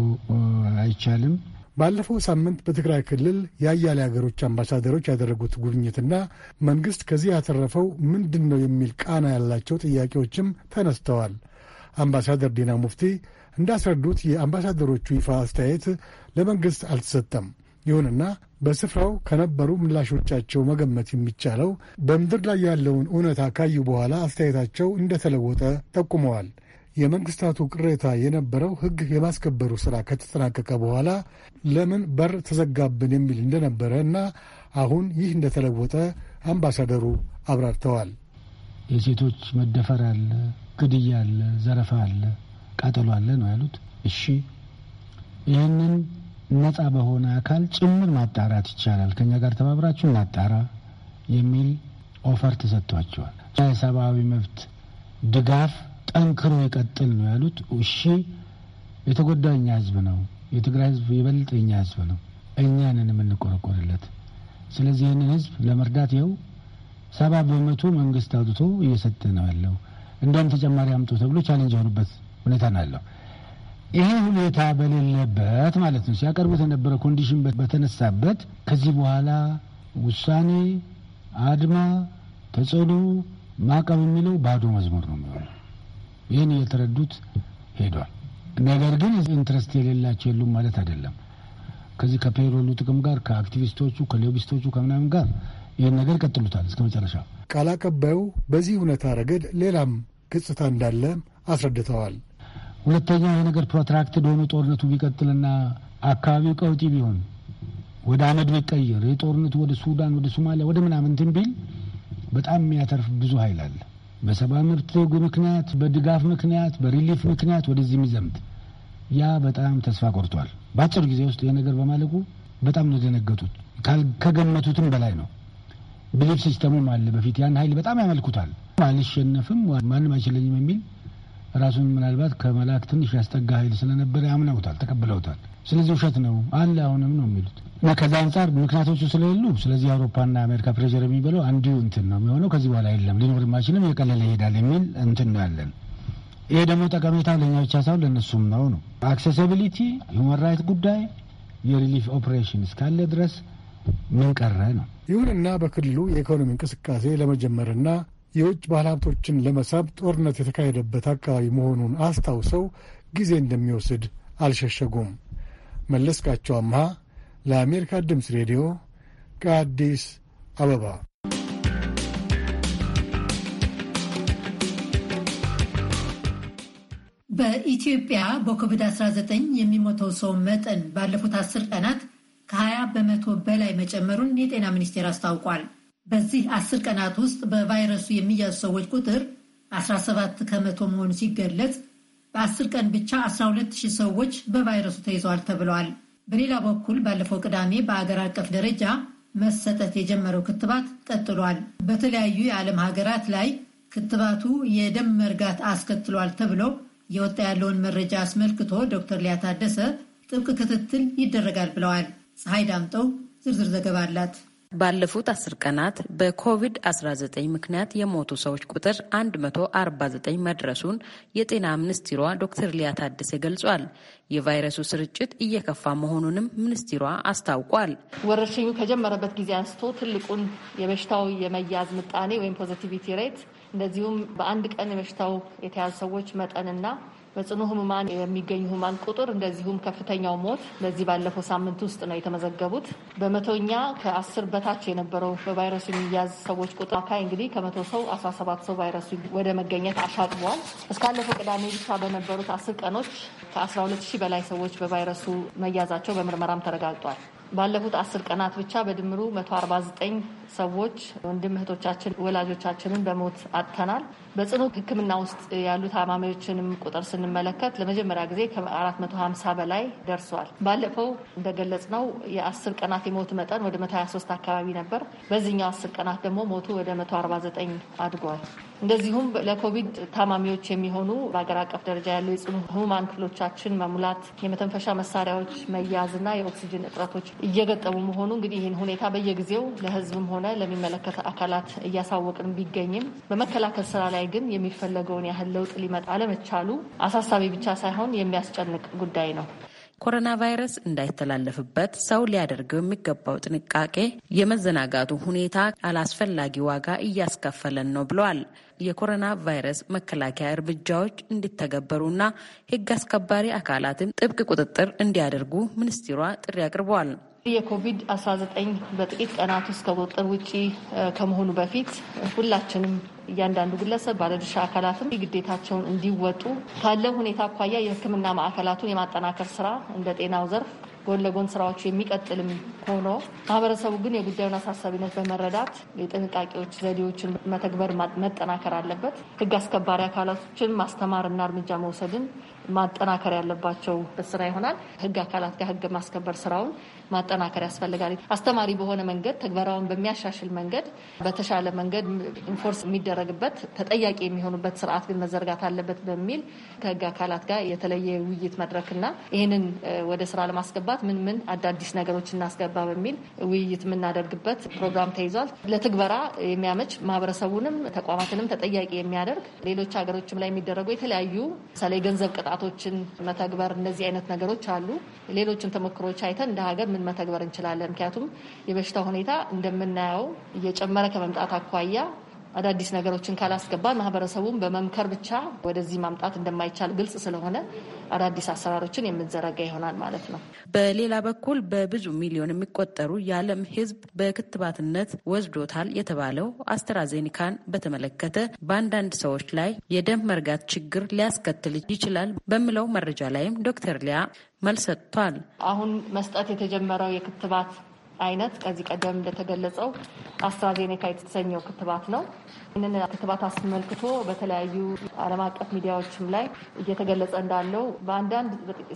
አይቻልም። ባለፈው ሳምንት በትግራይ ክልል የአያሌ ሀገሮች አምባሳደሮች ያደረጉት ጉብኝትና መንግስት ከዚህ ያተረፈው ምንድን ነው የሚል ቃና ያላቸው ጥያቄዎችም ተነስተዋል። አምባሳደር ዲና ሙፍቲ እንዳስረዱት የአምባሳደሮቹ ይፋ አስተያየት ለመንግስት አልተሰጠም። ይሁንና በስፍራው ከነበሩ ምላሾቻቸው መገመት የሚቻለው በምድር ላይ ያለውን እውነታ ካዩ በኋላ አስተያየታቸው እንደተለወጠ ጠቁመዋል። የመንግስታቱ ቅሬታ የነበረው ህግ የማስከበሩ ስራ ከተጠናቀቀ በኋላ ለምን በር ተዘጋብን የሚል እንደነበረ እና አሁን ይህ እንደተለወጠ አምባሳደሩ አብራርተዋል። የሴቶች መደፈር አለ፣ ግድያ አለ፣ ዘረፋ አለ፣ ቃጠሎ አለ ነው ያሉት። እሺ ይህንን ነጻ በሆነ አካል ጭምር ማጣራት ይቻላል፣ ከኛ ጋር ተባብራችሁ እናጣራ የሚል ኦፈር ተሰጥቷቸዋል። የሰብአዊ መብት ድጋፍ ጠንክሮ ይቀጥል ነው ያሉት። እሺ የተጎዳው እኛ ህዝብ ነው። የትግራይ ህዝብ ይበልጥ ህዝብ ነው። እኛንን የምንቆረቆርለት። ስለዚህ ይህንን ህዝብ ለመርዳት ይኸው ሰባ በመቶ መንግስት አውጥቶ እየሰጠ ነው ያለው። እንደውም ተጨማሪ አምጡ ተብሎ ቻሌንጅ የሆኑበት ሁኔታ ነው ያለው። ይሄ ሁኔታ በሌለበት ማለት ነው ሲያቀርቡት የነበረ ኮንዲሽን በተነሳበት ከዚህ በኋላ ውሳኔ፣ አድማ፣ ተጽዕኖ፣ ማዕቀብ የሚለው ባዶ መዝሙር ነው የሚሆነው። ይህን እየተረዱት ሄዷል። ነገር ግን ኢንትረስት የሌላቸው የሉም ማለት አይደለም። ከዚህ ከፔሮሉ ጥቅም ጋር ከአክቲቪስቶቹ ከሎቢስቶቹ ከምናምን ጋር ይህን ነገር ቀጥሉታል እስከ መጨረሻ። ቃል አቀባዩ በዚህ እውነታ ረገድ ሌላም ገጽታ እንዳለ አስረድተዋል። ሁለተኛው ይህ ነገር ፕሮትራክትድ ሆኖ ጦርነቱ ቢቀጥልና አካባቢው ቀውጢ ቢሆን ወደ አመድ ቢቀየር የጦርነቱ ወደ ሱዳን፣ ወደ ሶማሊያ፣ ወደ ምናምን ቢል በጣም የሚያተርፍ ብዙ ኃይል አለ። በሰብአዊ መብት ሕጉ ምክንያት፣ በድጋፍ ምክንያት፣ በሪሊፍ ምክንያት ወደዚህ የሚዘምት ያ በጣም ተስፋ ቆርቷል። በአጭር ጊዜ ውስጥ ይህ ነገር በማለቁ በጣም ነው የደነገጡት። ከገመቱትም በላይ ነው። ብሊፍ ሲስተሙም አለ። በፊት ያን ኃይል በጣም ያመልኩታል። አልሸነፍም፣ ማንም አይችለኝም የሚል ራሱን ምናልባት ከመላእክት ትንሽ ያስጠጋ ኃይል ስለነበረ ያምናውታል፣ ተቀብለውታል። ስለዚህ ውሸት ነው አለ አሁንም ነው የሚሉት እና ከዛ አንጻር ምክንያቶቹ ስለሌሉ ስለዚህ አውሮፓና አሜሪካ ፕሬዘር የሚበለው አንዱ እንትን ነው የሚሆነው። ከዚህ በኋላ የለም ሊኖር ማችልም የቀለለ ይሄዳል የሚል እንትን ነው ያለን። ይሄ ደግሞ ጠቀሜታ ለኛ ብቻ ሳይሆን ለእነሱም ነው ነው አክሴሲቢሊቲ፣ ሁማን ራይት ጉዳይ፣ የሪሊፍ ኦፕሬሽን እስካለ ድረስ ምን ቀረ ነው። ይሁንና በክልሉ የኢኮኖሚ እንቅስቃሴ ለመጀመርና የውጭ ባለሀብቶችን ለመሳብ ጦርነት የተካሄደበት አካባቢ መሆኑን አስታውሰው ጊዜ እንደሚወስድ አልሸሸጉም። መለስካቸው አምሃ ለአሜሪካ ድምፅ ሬዲዮ ከአዲስ አበባ። በኢትዮጵያ በኮቪድ-19 የሚሞተው ሰው መጠን ባለፉት አስር ቀናት ከ20 በመቶ በላይ መጨመሩን የጤና ሚኒስቴር አስታውቋል። በዚህ አስር ቀናት ውስጥ በቫይረሱ የሚያዙ ሰዎች ቁጥር 17 ከመቶ መሆኑ ሲገለጽ በአስር ቀን ብቻ 120 ሰዎች በቫይረሱ ተይዘዋል ተብለዋል። በሌላ በኩል ባለፈው ቅዳሜ በአገር አቀፍ ደረጃ መሰጠት የጀመረው ክትባት ቀጥሏል። በተለያዩ የዓለም ሀገራት ላይ ክትባቱ የደም መርጋት አስከትሏል ተብሎ የወጣ ያለውን መረጃ አስመልክቶ ዶክተር ሊያ ታደሰ ጥብቅ ክትትል ይደረጋል ብለዋል። ፀሐይ ዳምጠው ዝርዝር ዘገባ አላት። ባለፉት አስር ቀናት በኮቪድ-19 ምክንያት የሞቱ ሰዎች ቁጥር 149 መድረሱን የጤና ሚኒስትሯ ዶክተር ሊያ ታደሰ ገልጿል። የቫይረሱ ስርጭት እየከፋ መሆኑንም ሚኒስትሯ አስታውቋል። ወረርሽኙ ከጀመረበት ጊዜ አንስቶ ትልቁን የበሽታው የመያዝ ምጣኔ ወይም ፖዘቲቪቲ ሬት እንደዚሁም በአንድ ቀን የበሽታው የተያዙ ሰዎች መጠንና በጽኑ ህሙማን የሚገኙ ህሙማን ቁጥር እንደዚሁም ከፍተኛው ሞት በዚህ ባለፈው ሳምንት ውስጥ ነው የተመዘገቡት። በመቶኛ ከአስር በታች የነበረው በቫይረሱ የሚያዝ ሰዎች ቁጥር አካይ እንግዲህ ከመቶ ሰው 17 ሰው ቫይረሱ ወደ መገኘት አሻቅቧል። እስካለፈው ቅዳሜ ብቻ በነበሩት አስር ቀኖች ከ12000 በላይ ሰዎች በቫይረሱ መያዛቸው በምርመራም ተረጋግጧል። ባለፉት አስር ቀናት ብቻ በድምሩ 149 ሰዎች ወንድም እህቶቻችን ወላጆቻችንን በሞት አጥተናል። በጽኑ ሕክምና ውስጥ ያሉ ታማሚዎችንም ቁጥር ስንመለከት ለመጀመሪያ ጊዜ ከ450 በላይ ደርሷል። ባለፈው እንደገለጽ ነው የአስር ቀናት የሞት መጠን ወደ 123 አካባቢ ነበር። በዚህኛው 10 ቀናት ደግሞ ሞቱ ወደ 149 አድጓል። እንደዚሁም ለኮቪድ ታማሚዎች የሚሆኑ በሀገር አቀፍ ደረጃ ያሉ የጽኑ ህሙማን ክፍሎቻችን መሙላት፣ የመተንፈሻ መሳሪያዎች መያዝ እና የኦክሲጅን እጥረቶች እየገጠሙ መሆኑ እንግዲህ ይህን ሁኔታ በየጊዜው ለህዝብም ሆነ ለሚመለከት አካላት እያሳወቅን ቢገኝም በመከላከል ስራ ላይ ግን የሚፈለገውን ያህል ለውጥ ሊመጣ አለመቻሉ አሳሳቢ ብቻ ሳይሆን የሚያስጨንቅ ጉዳይ ነው። ኮሮና ቫይረስ እንዳይተላለፍበት ሰው ሊያደርገው የሚገባው ጥንቃቄ የመዘናጋቱ ሁኔታ አላስፈላጊ ዋጋ እያስከፈለን ነው ብለዋል። የኮሮና ቫይረስ መከላከያ እርምጃዎች እንዲተገበሩና ሕግ አስከባሪ አካላትም ጥብቅ ቁጥጥር እንዲያደርጉ ሚኒስትሯ ጥሪ አቅርበዋል። የኮቪድ-19 በጥቂት ቀናት ውስጥ ከቁጥጥር ውጪ ከመሆኑ በፊት ሁላችንም እያንዳንዱ ግለሰብ ባለድርሻ አካላትም ግዴታቸውን እንዲወጡ ካለው ሁኔታ አኳያ የሕክምና ማዕከላቱን የማጠናከር ስራ እንደ ጤናው ዘርፍ ጎን ለጎን ስራዎቹ የሚቀጥልም ሆኖ ማህበረሰቡ ግን የጉዳዩን አሳሳቢነት በመረዳት የጥንቃቄዎች ዘዴዎችን መተግበር መጠናከር አለበት። ህግ አስከባሪ አካላቶችን ማስተማርና እርምጃ መውሰድን ማጠናከር ያለባቸው ስራ ይሆናል። ህግ አካላት ጋር ህግ ማስከበር ስራውን ማጠናከር ያስፈልጋል። አስተማሪ በሆነ መንገድ ተግበራውን በሚያሻሽል መንገድ በተሻለ መንገድ ኢንፎርስ የሚደረግበት ተጠያቂ የሚሆኑበት ስርዓት ግን መዘርጋት አለበት በሚል ከህግ አካላት ጋር የተለየ ውይይት መድረክና ይህንን ወደ ስራ ለማስገባት ምን ምን አዳዲስ ነገሮች እናስገባ በሚል ውይይት የምናደርግበት ፕሮግራም ተይዟል። ለትግበራ የሚያመች ማህበረሰቡንም ተቋማትንም ተጠያቂ የሚያደርግ ሌሎች ሀገሮችም ላይ የሚደረጉ የተለያዩ ምሳሌ የገንዘብ ቅጣቶችን መተግበር እነዚህ አይነት ነገሮች አሉ። ሌሎችን ተሞክሮች አይተን እንደ ሀገር ምን መተግበር እንችላለን? ምክንያቱም የበሽታ ሁኔታ እንደምናየው እየጨመረ ከመምጣት አኳያ አዳዲስ ነገሮችን ካላስገባ ማህበረሰቡን በመምከር ብቻ ወደዚህ ማምጣት እንደማይቻል ግልጽ ስለሆነ አዳዲስ አሰራሮችን የምንዘረጋ ይሆናል ማለት ነው። በሌላ በኩል በብዙ ሚሊዮን የሚቆጠሩ የዓለም ሕዝብ በክትባትነት ወስዶታል የተባለው አስትራዜኒካን በተመለከተ በአንዳንድ ሰዎች ላይ የደም መርጋት ችግር ሊያስከትል ይችላል በሚለው መረጃ ላይም ዶክተር ሊያ መልስ ሰጥቷል። አሁን መስጠት የተጀመረው የክትባት አይነት ከዚህ ቀደም እንደተገለጸው አስትራዜኔካ የተሰኘው ክትባት ነው። ይህንን ክትባት አስመልክቶ በተለያዩ ዓለም አቀፍ ሚዲያዎችም ላይ እየተገለጸ እንዳለው በአንዳንድ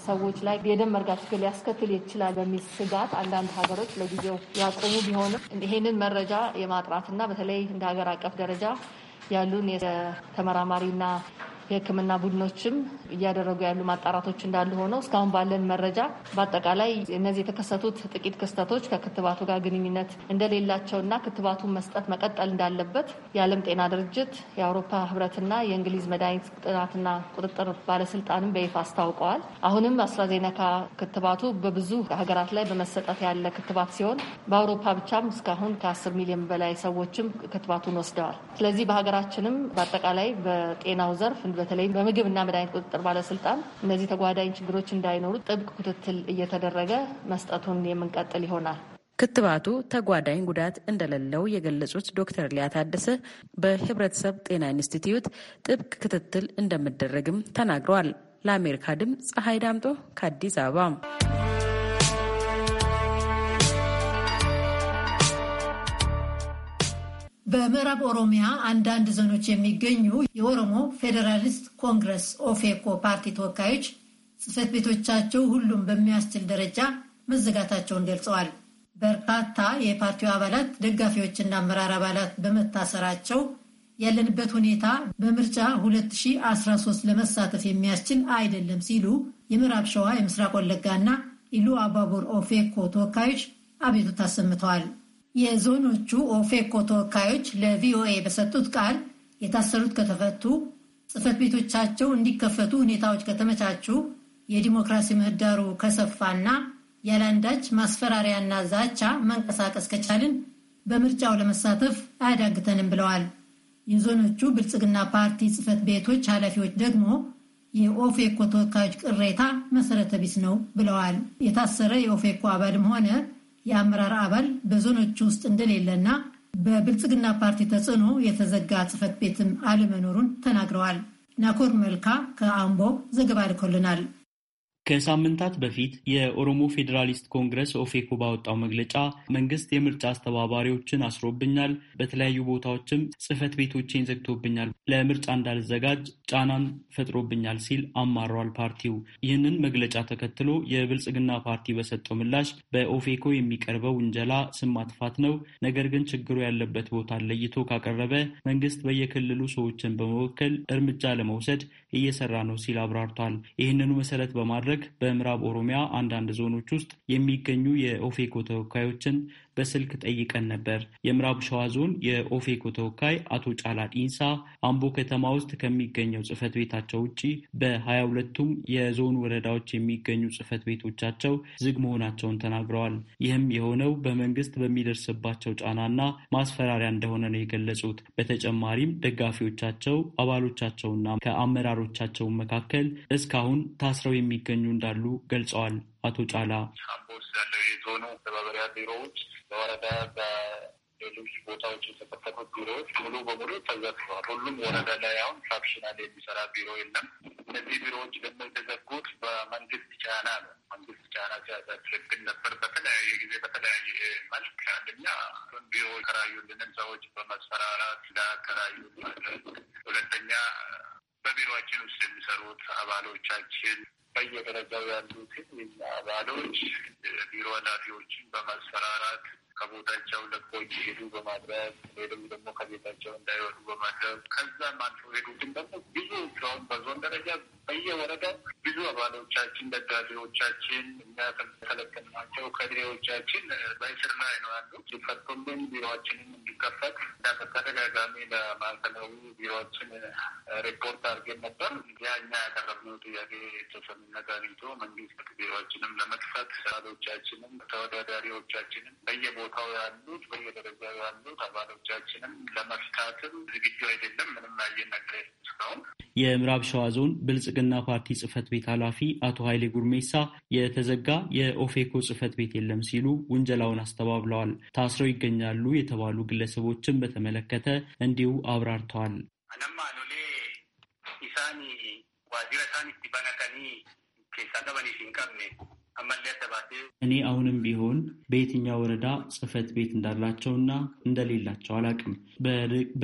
ሰዎች ላይ የደም መርጋት ችግር ሊያስከትል ይችላል በሚል ስጋት አንዳንድ ሀገሮች ለጊዜው ያቆሙ ቢሆንም ይህንን መረጃ የማጥራትና በተለይ እንደ ሀገር አቀፍ ደረጃ ያሉን የተመራማሪና የህክምና ቡድኖችም እያደረጉ ያሉ ማጣራቶች እንዳሉ ሆነው እስካሁን ባለን መረጃ በአጠቃላይ እነዚህ የተከሰቱት ጥቂት ክስተቶች ከክትባቱ ጋር ግንኙነት እንደሌላቸውና ክትባቱን መስጠት መቀጠል እንዳለበት የዓለም ጤና ድርጅት የአውሮፓ ህብረትና የእንግሊዝ መድኃኒት ጥናትና ቁጥጥር ባለስልጣንም በይፋ አስታውቀዋል። አሁንም አስትራዜነካ ክትባቱ በብዙ ሀገራት ላይ በመሰጠት ያለ ክትባት ሲሆን በአውሮፓ ብቻም እስካሁን ከ10 ሚሊዮን በላይ ሰዎችም ክትባቱን ወስደዋል። ስለዚህ በሀገራችንም በአጠቃላይ በጤናው ዘርፍ በተለይም በምግብና መድኃኒት ቁጥጥር ባለስልጣን እነዚህ ተጓዳኝ ችግሮች እንዳይኖሩ ጥብቅ ክትትል እየተደረገ መስጠቱን የምንቀጥል ይሆናል። ክትባቱ ተጓዳኝ ጉዳት እንደሌለው የገለጹት ዶክተር ሊያ ታደሰ በህብረተሰብ ጤና ኢንስቲትዩት ጥብቅ ክትትል እንደሚደረግም ተናግረዋል። ለአሜሪካ ድምፅ ፀሐይ ዳምጦ ከአዲስ አበባ በምዕራብ ኦሮሚያ አንዳንድ ዞኖች የሚገኙ የኦሮሞ ፌዴራሊስት ኮንግረስ ኦፌኮ ፓርቲ ተወካዮች ጽህፈት ቤቶቻቸው ሁሉም በሚያስችል ደረጃ መዘጋታቸውን ገልጸዋል። በርካታ የፓርቲው አባላት ደጋፊዎችና አመራር አባላት በመታሰራቸው ያለንበት ሁኔታ በምርጫ 2013 ለመሳተፍ የሚያስችል አይደለም ሲሉ የምዕራብ ሸዋ፣ የምስራቅ ወለጋና እና ኢሉ አባቡር ኦፌኮ ተወካዮች አቤቱታ አሰምተዋል። የዞኖቹ ኦፌኮ ተወካዮች ለቪኦኤ በሰጡት ቃል የታሰሩት ከተፈቱ፣ ጽህፈት ቤቶቻቸው እንዲከፈቱ ሁኔታዎች ከተመቻቹ፣ የዲሞክራሲ ምህዳሩ ከሰፋና ያለአንዳች ማስፈራሪያና ዛቻ መንቀሳቀስ ከቻልን በምርጫው ለመሳተፍ አያዳግተንም ብለዋል። የዞኖቹ ብልጽግና ፓርቲ ጽህፈት ቤቶች ኃላፊዎች ደግሞ የኦፌኮ ተወካዮች ቅሬታ መሰረተ ቢስ ነው ብለዋል። የታሰረ የኦፌኮ አባልም ሆነ የአመራር አባል በዞኖች ውስጥ እንደሌለና በብልጽግና ፓርቲ ተጽዕኖ የተዘጋ ጽህፈት ቤትም አለመኖሩን ተናግረዋል። ናኮር መልካ ከአምቦ ዘገባ ልኮልናል። ከሳምንታት በፊት የኦሮሞ ፌዴራሊስት ኮንግረስ ኦፌኮ ባወጣው መግለጫ መንግስት የምርጫ አስተባባሪዎችን አስሮብኛል፣ በተለያዩ ቦታዎችም ጽህፈት ቤቶቼን ዘግቶብኛል፣ ለምርጫ እንዳልዘጋጅ ጫናን ፈጥሮብኛል ሲል አማሯል። ፓርቲው ይህንን መግለጫ ተከትሎ የብልጽግና ፓርቲ በሰጠው ምላሽ በኦፌኮ የሚቀርበው ውንጀላ ስም ማጥፋት ነው፣ ነገር ግን ችግሩ ያለበት ቦታ ለይቶ ካቀረበ መንግስት በየክልሉ ሰዎችን በመወከል እርምጃ ለመውሰድ እየሰራ ነው ሲል አብራርቷል። ይህንኑ መሰረት በማድረግ በምዕራብ ኦሮሚያ አንዳንድ ዞኖች ውስጥ የሚገኙ የኦፌኮ ተወካዮችን በስልክ ጠይቀን ነበር። የምዕራብ ሸዋ ዞን የኦፌኮ ተወካይ አቶ ጫላ ዲንሳ አምቦ ከተማ ውስጥ ከሚገኘው ጽህፈት ቤታቸው ውጭ በሀያ ሁለቱም የዞን ወረዳዎች የሚገኙ ጽህፈት ቤቶቻቸው ዝግ መሆናቸውን ተናግረዋል። ይህም የሆነው በመንግስት በሚደርስባቸው ጫናና ማስፈራሪያ እንደሆነ ነው የገለጹት። በተጨማሪም ደጋፊዎቻቸው አባሎቻቸውና ከአመራሮቻቸው መካከል እስካሁን ታስረው የሚገኙ እንዳሉ ገልጸዋል። አቶ ጫላ አምቦ ያለው የዞኑ መተባበሪያ ቢሮዎች በወረዳ በሌሎች ቦታዎች የተፈጠሩ ቢሮዎች ሙሉ በሙሉ ተዘግተዋል። ሁሉም ወረዳ ላይ አሁን ፋክሽናል የሚሰራ ቢሮ የለም። እነዚህ ቢሮዎች ደግሞ የተዘጉት በመንግስት ጫና ነው። መንግስት ጫና ሲያሳድርብን ነበር። በተለያየ ጊዜ በተለያየ መልክ አንደኛ ቢሮ ከራዩልንም ሰዎች በመስፈራራት ላከራዩ፣ ሁለተኛ በቢሮችን ውስጥ የሚሰሩት አባሎቻችን በየደረጃው ያሉትን አባሎች ቢሮ ኃላፊዎችን በማስፈራራት ከቦታቸው ለቆ ሄዱ በማድረግ ሌሎች ደግሞ ከቤታቸው እንዳይወዱ በማድረግ ከዛም አልፎ ሄዱትን ደግሞ ብዙ ሰውን በዞን ደረጃ በየወረዳው ብዙ አባሎቻችን፣ ደጋፊዎቻችን እና ከተለቀናቸው ከድሬዎቻችን በእስር ላይ ነው ያሉ። ሲፈቱልን ቢሮችንም እንዲከፈት በተደጋጋሚ ለማዕከላዊ ቢሮችን ሪፖርት አድርገን ነበር። እዚያ እኛ ያቀረብነው ጥያቄ ተሰሚነት አግኝቶ መንግስት ቢሮችንም ለመክፈት አባሎቻችንም ተወዳዳሪዎቻችንም በየቦ በየቦታው ያሉት በየደረጃው ያሉት አባሎቻችንም ለመፍታትም ዝግጁ አይደለም። ምንም አየን ነገር እስካሁን። የምዕራብ ሸዋ ዞን ብልጽግና ፓርቲ ጽህፈት ቤት ኃላፊ አቶ ኃይሌ ጉርሜሳ የተዘጋ የኦፌኮ ጽህፈት ቤት የለም ሲሉ ውንጀላውን አስተባብለዋል። ታስረው ይገኛሉ የተባሉ ግለሰቦችን በተመለከተ እንዲሁ አብራርተዋል። እኔ አሁንም ቢሆን በየትኛው ወረዳ ጽህፈት ቤት እንዳላቸውና እንደሌላቸው አላውቅም።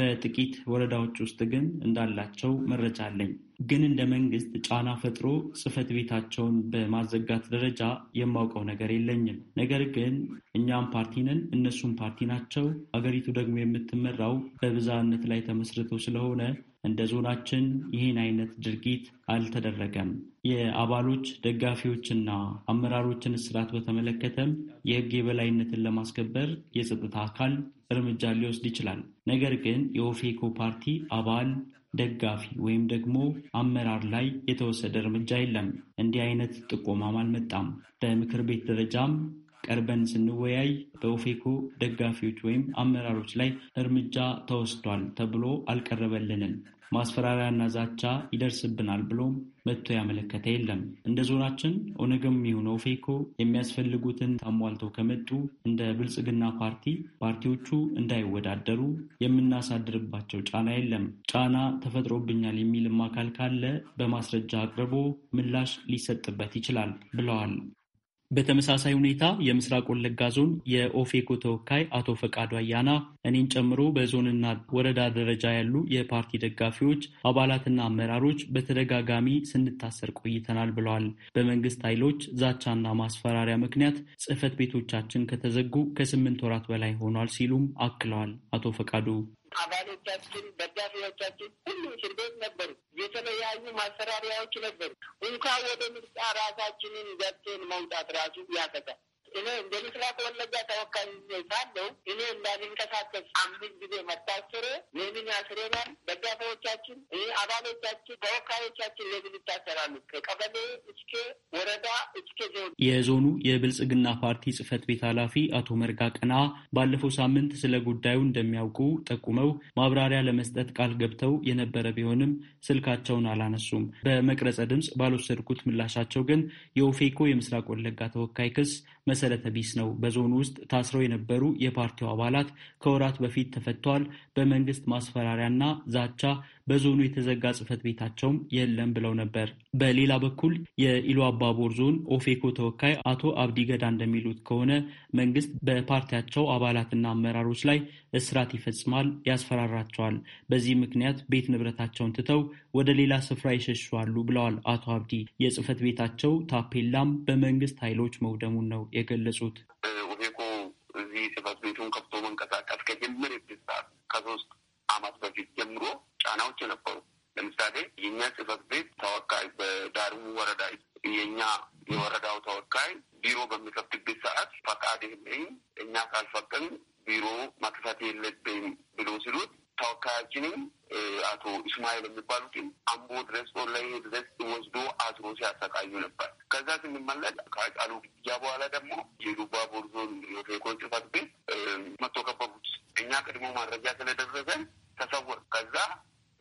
በጥቂት ወረዳዎች ውስጥ ግን እንዳላቸው መረጃ አለኝ። ግን እንደ መንግስት ጫና ፈጥሮ ጽህፈት ቤታቸውን በማዘጋት ደረጃ የማውቀው ነገር የለኝም። ነገር ግን እኛም ፓርቲንን እነሱም ፓርቲ ናቸው። አገሪቱ ደግሞ የምትመራው በብዛነት ላይ ተመስርቶ ስለሆነ እንደ ዞናችን ይህን አይነት ድርጊት አልተደረገም። የአባሎች ደጋፊዎችና አመራሮችን እስራት በተመለከተም የህግ የበላይነትን ለማስከበር የጸጥታ አካል እርምጃ ሊወስድ ይችላል። ነገር ግን የኦፌኮ ፓርቲ አባል ደጋፊ ወይም ደግሞ አመራር ላይ የተወሰደ እርምጃ የለም። እንዲህ አይነት ጥቆማም አልመጣም። በምክር ቤት ደረጃም ቀርበን ስንወያይ በኦፌኮ ደጋፊዎች ወይም አመራሮች ላይ እርምጃ ተወስዷል ተብሎ አልቀረበልንም። ማስፈራሪያና ዛቻ ይደርስብናል ብሎም መጥቶ ያመለከተ የለም። እንደ ዞናችን ኦነግም የሆነው ፌኮ የሚያስፈልጉትን ታሟልተው ከመጡ እንደ ብልጽግና ፓርቲ ፓርቲዎቹ እንዳይወዳደሩ የምናሳድርባቸው ጫና የለም። ጫና ተፈጥሮብኛል የሚልም አካል ካለ በማስረጃ አቅርቦ ምላሽ ሊሰጥበት ይችላል ብለዋል። በተመሳሳይ ሁኔታ የምስራቅ ወለጋ ዞን የኦፌኮ ተወካይ አቶ ፈቃዱ አያና እኔን ጨምሮ በዞንና ወረዳ ደረጃ ያሉ የፓርቲ ደጋፊዎች አባላትና አመራሮች በተደጋጋሚ ስንታሰር ቆይተናል ብለዋል። በመንግስት ኃይሎች ዛቻና ማስፈራሪያ ምክንያት ጽህፈት ቤቶቻችን ከተዘጉ ከስምንት ወራት በላይ ሆኗል ሲሉም አክለዋል አቶ ፈቃዱ አባሎቻችን፣ ደጋፊዎቻችን ሁሉም እስር ቤት ነበሩ። የተለያዩ ማሰራሪያዎች ነበሩ። እንኳን ወደ ምርጫ ራሳችንን ገብተን መውጣት ራሱ ያከታል። እኔ እንደ ምስራቅ ወለጋ ተወካይ ሳለው እኔ እንዳልንቀሳቀስ አምስት ጊዜ መታሰሬ የምን ያስረናል? ደጋፊዎቻችን፣ አባሎቻችን፣ ተወካዮቻችን ለምን ይታሰራሉ? ከቀበሌ እስከ ወረዳ እስከ ዞን። የዞኑ የብልጽግና ፓርቲ ጽህፈት ቤት ኃላፊ አቶ መርጋ ቀና ባለፈው ሳምንት ስለ ጉዳዩ እንደሚያውቁ ጠቁመው ማብራሪያ ለመስጠት ቃል ገብተው የነበረ ቢሆንም ስልካቸውን አላነሱም። በመቅረጸ ድምፅ ባልወሰድኩት ምላሻቸው ግን የኦፌኮ የምስራቅ ወለጋ ተወካይ ክስ መሰረተ ቢስ ነው። በዞኑ ውስጥ ታስረው የነበሩ የፓርቲው አባላት ከወራት በፊት ተፈተዋል። በመንግስት ማስፈራሪያና ዛቻ በዞኑ የተዘጋ ጽህፈት ቤታቸውም የለም ብለው ነበር። በሌላ በኩል የኢሉ አባቦር ዞን ኦፌኮ ተወካይ አቶ አብዲ ገዳ እንደሚሉት ከሆነ መንግስት በፓርቲያቸው አባላትና አመራሮች ላይ እስራት ይፈጽማል፣ ያስፈራራቸዋል። በዚህ ምክንያት ቤት ንብረታቸውን ትተው ወደ ሌላ ስፍራ ይሸሻሉ ብለዋል አቶ አብዲ። የጽህፈት ቤታቸው ታፔላም በመንግስት ኃይሎች መውደሙን ነው የገለጹት። ኦፌኮ እዚህ ጽህፈት ቤቱን ከፍቶ መንቀሳቀስ ከጀመረበት ሰዓት ከሶስት አመት በፊት ጀምሮ ጫናዎች የነበሩ ለምሳሌ የእኛ ጽህፈት ቤት ተወካይ በዳርሙ ወረዳ የእኛ የወረዳው ተወካይ ቢሮ በሚከፍትበት ሰዓት ፈቃድ የለኝ እኛ ካልፈቅን ቢሮ መክፈት የለብኝ ብሎ ሲሉት ተወካያችንም አቶ እስማኤል የሚባሉትም አምቦ ድረስ ላይ ድረስ ወስዶ አስሮ ሲያሰቃዩ ነበር። ከዛ ስንመለስ ከአጫሉ ግድያ በኋላ ደግሞ የዱባ ቦርዞን የቴኮን ጽህፈት ቤት መቶ ከበቡት። እኛ ቅድሞ ማድረጃ ስለደረሰን ተሰወር ከዛ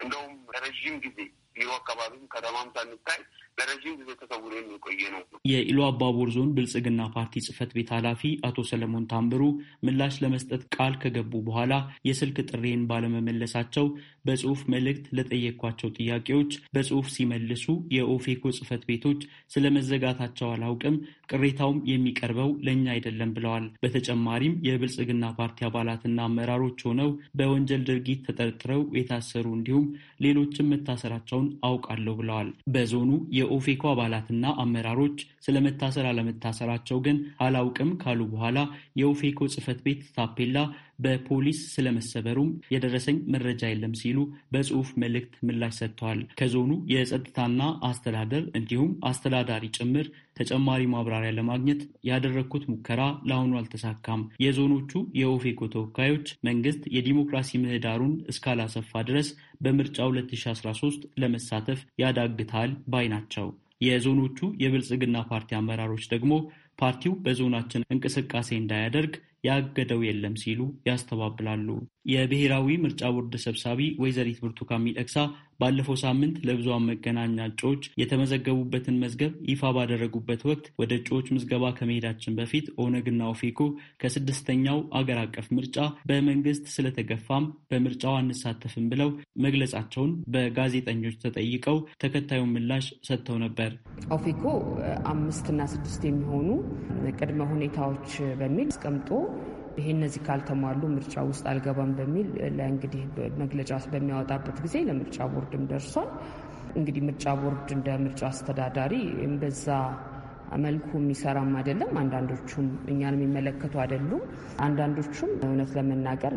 እንደውም ረዥም ጊዜ ቢሮ አካባቢም ከተማም ሳንታይ ለረዥም ጊዜ ተሰውሮ የሚቆየ ነው። የኢሉ አባቦር ዞን ብልጽግና ፓርቲ ጽህፈት ቤት ኃላፊ አቶ ሰለሞን ታምብሩ ምላሽ ለመስጠት ቃል ከገቡ በኋላ የስልክ ጥሬን ባለመመለሳቸው በጽሁፍ መልእክት ለጠየኳቸው ጥያቄዎች በጽሁፍ ሲመልሱ የኦፌኮ ጽህፈት ቤቶች ስለ መዘጋታቸው አላውቅም፣ ቅሬታውም የሚቀርበው ለእኛ አይደለም ብለዋል። በተጨማሪም የብልጽግና ፓርቲ አባላትና አመራሮች ሆነው በወንጀል ድርጊት ተጠርጥረው የታሰሩ እንዲሁም ሌሎችም መታሰራቸውን አውቃለሁ ብለዋል። በዞኑ የኦፌኮ አባላትና አመራሮች ስለመታሰር አለመታሰራቸው ግን አላውቅም ካሉ በኋላ የኦፌኮ ጽህፈት ቤት ታፔላ በፖሊስ ስለመሰበሩም የደረሰኝ መረጃ የለም ሲሉ በጽሁፍ መልእክት ምላሽ ሰጥተዋል። ከዞኑ የጸጥታና አስተዳደር እንዲሁም አስተዳዳሪ ጭምር ተጨማሪ ማብራሪያ ለማግኘት ያደረግኩት ሙከራ ለአሁኑ አልተሳካም። የዞኖቹ የኦፌኮ ተወካዮች መንግስት የዲሞክራሲ ምህዳሩን እስካላሰፋ ድረስ በምርጫ 2013 ለመሳተፍ ያዳግታል ባይ ናቸው። የዞኖቹ የብልጽግና ፓርቲ አመራሮች ደግሞ ፓርቲው በዞናችን እንቅስቃሴ እንዳያደርግ ያገደው የለም ሲሉ ያስተባብላሉ የብሔራዊ ምርጫ ቦርድ ሰብሳቢ ወይዘሪት ብርቱካን ሚደቅሳ ባለፈው ሳምንት ለብዙሃን መገናኛ እጩዎች የተመዘገቡበትን መዝገብ ይፋ ባደረጉበት ወቅት ወደ እጩዎች ምዝገባ ከመሄዳችን በፊት ኦነግና ኦፌኮ ከስድስተኛው አገር አቀፍ ምርጫ በመንግስት ስለተገፋም በምርጫው አንሳተፍም ብለው መግለጻቸውን በጋዜጠኞች ተጠይቀው ተከታዩን ምላሽ ሰጥተው ነበር። ኦፌኮ አምስትና ስድስት የሚሆኑ ቅድመ ሁኔታዎች በሚል አስቀምጦ ይሄ እነዚህ ካልተሟሉ ምርጫ ውስጥ አልገባም በሚል ለእንግዲህ መግለጫ በሚያወጣበት ጊዜ ለምርጫ ቦርድም ደርሷል። እንግዲህ ምርጫ ቦርድ እንደ ምርጫ አስተዳዳሪ በዛ መልኩ የሚሰራም አይደለም። አንዳንዶቹም እኛን የሚመለከቱ አይደሉም። አንዳንዶቹም እውነት ለመናገር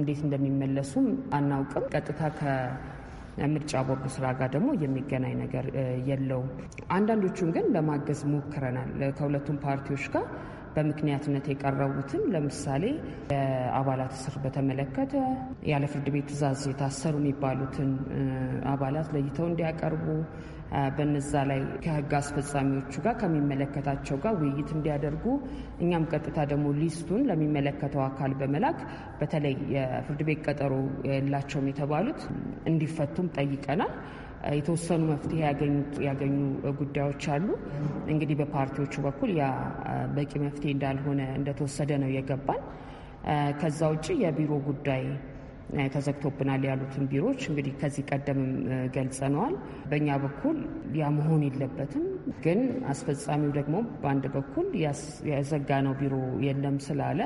እንዴት እንደሚመለሱም አናውቅም። ቀጥታ ከምርጫ ቦርድ ስራ ጋር ደግሞ የሚገናኝ ነገር የለውም። አንዳንዶቹም ግን ለማገዝ ሞክረናል ከሁለቱም ፓርቲዎች ጋር በምክንያትነት የቀረቡትን ለምሳሌ የአባላት እስር በተመለከተ ያለ ፍርድ ቤት ትዕዛዝ የታሰሩ የሚባሉትን አባላት ለይተው እንዲያቀርቡ በነዛ ላይ ከህግ አስፈጻሚዎቹ ጋር ከሚመለከታቸው ጋር ውይይት እንዲያደርጉ እኛም ቀጥታ ደግሞ ሊስቱን ለሚመለከተው አካል በመላክ በተለይ የፍርድ ቤት ቀጠሮ የላቸውም የተባሉት እንዲፈቱም ጠይቀናል። የተወሰኑ መፍትሄ ያገኙ ጉዳዮች አሉ። እንግዲህ በፓርቲዎቹ በኩል ያ በቂ መፍትሄ እንዳልሆነ እንደተወሰደ ነው የገባል። ከዛ ውጭ የቢሮ ጉዳይ ተዘግቶብናል ያሉትን ቢሮዎች እንግዲህ ከዚህ ቀደምም ገልጸነዋል። በእኛ በኩል ያ መሆን የለበትም ግን አስፈጻሚው ደግሞ በአንድ በኩል የዘጋነው ነው ቢሮ የለም ስላለ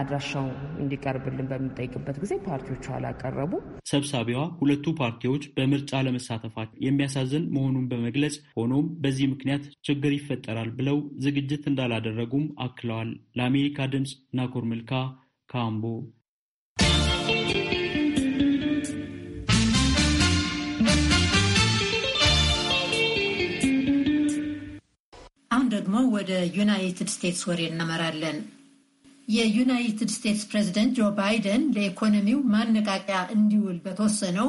አድራሻው እንዲቀርብልን በምንጠይቅበት ጊዜ ፓርቲዎቹ አላቀረቡም። ሰብሳቢዋ ሁለቱ ፓርቲዎች በምርጫ ለመሳተፋት የሚያሳዝን መሆኑን በመግለጽ ሆኖም በዚህ ምክንያት ችግር ይፈጠራል ብለው ዝግጅት እንዳላደረጉም አክለዋል። ለአሜሪካ ድምፅ ናኮር ምልካ ካምቦ። አሁን ደግሞ ወደ ዩናይትድ ስቴትስ ወሬ እናመራለን። የዩናይትድ ስቴትስ ፕሬዚደንት ጆ ባይደን ለኢኮኖሚው ማነቃቂያ እንዲውል በተወሰነው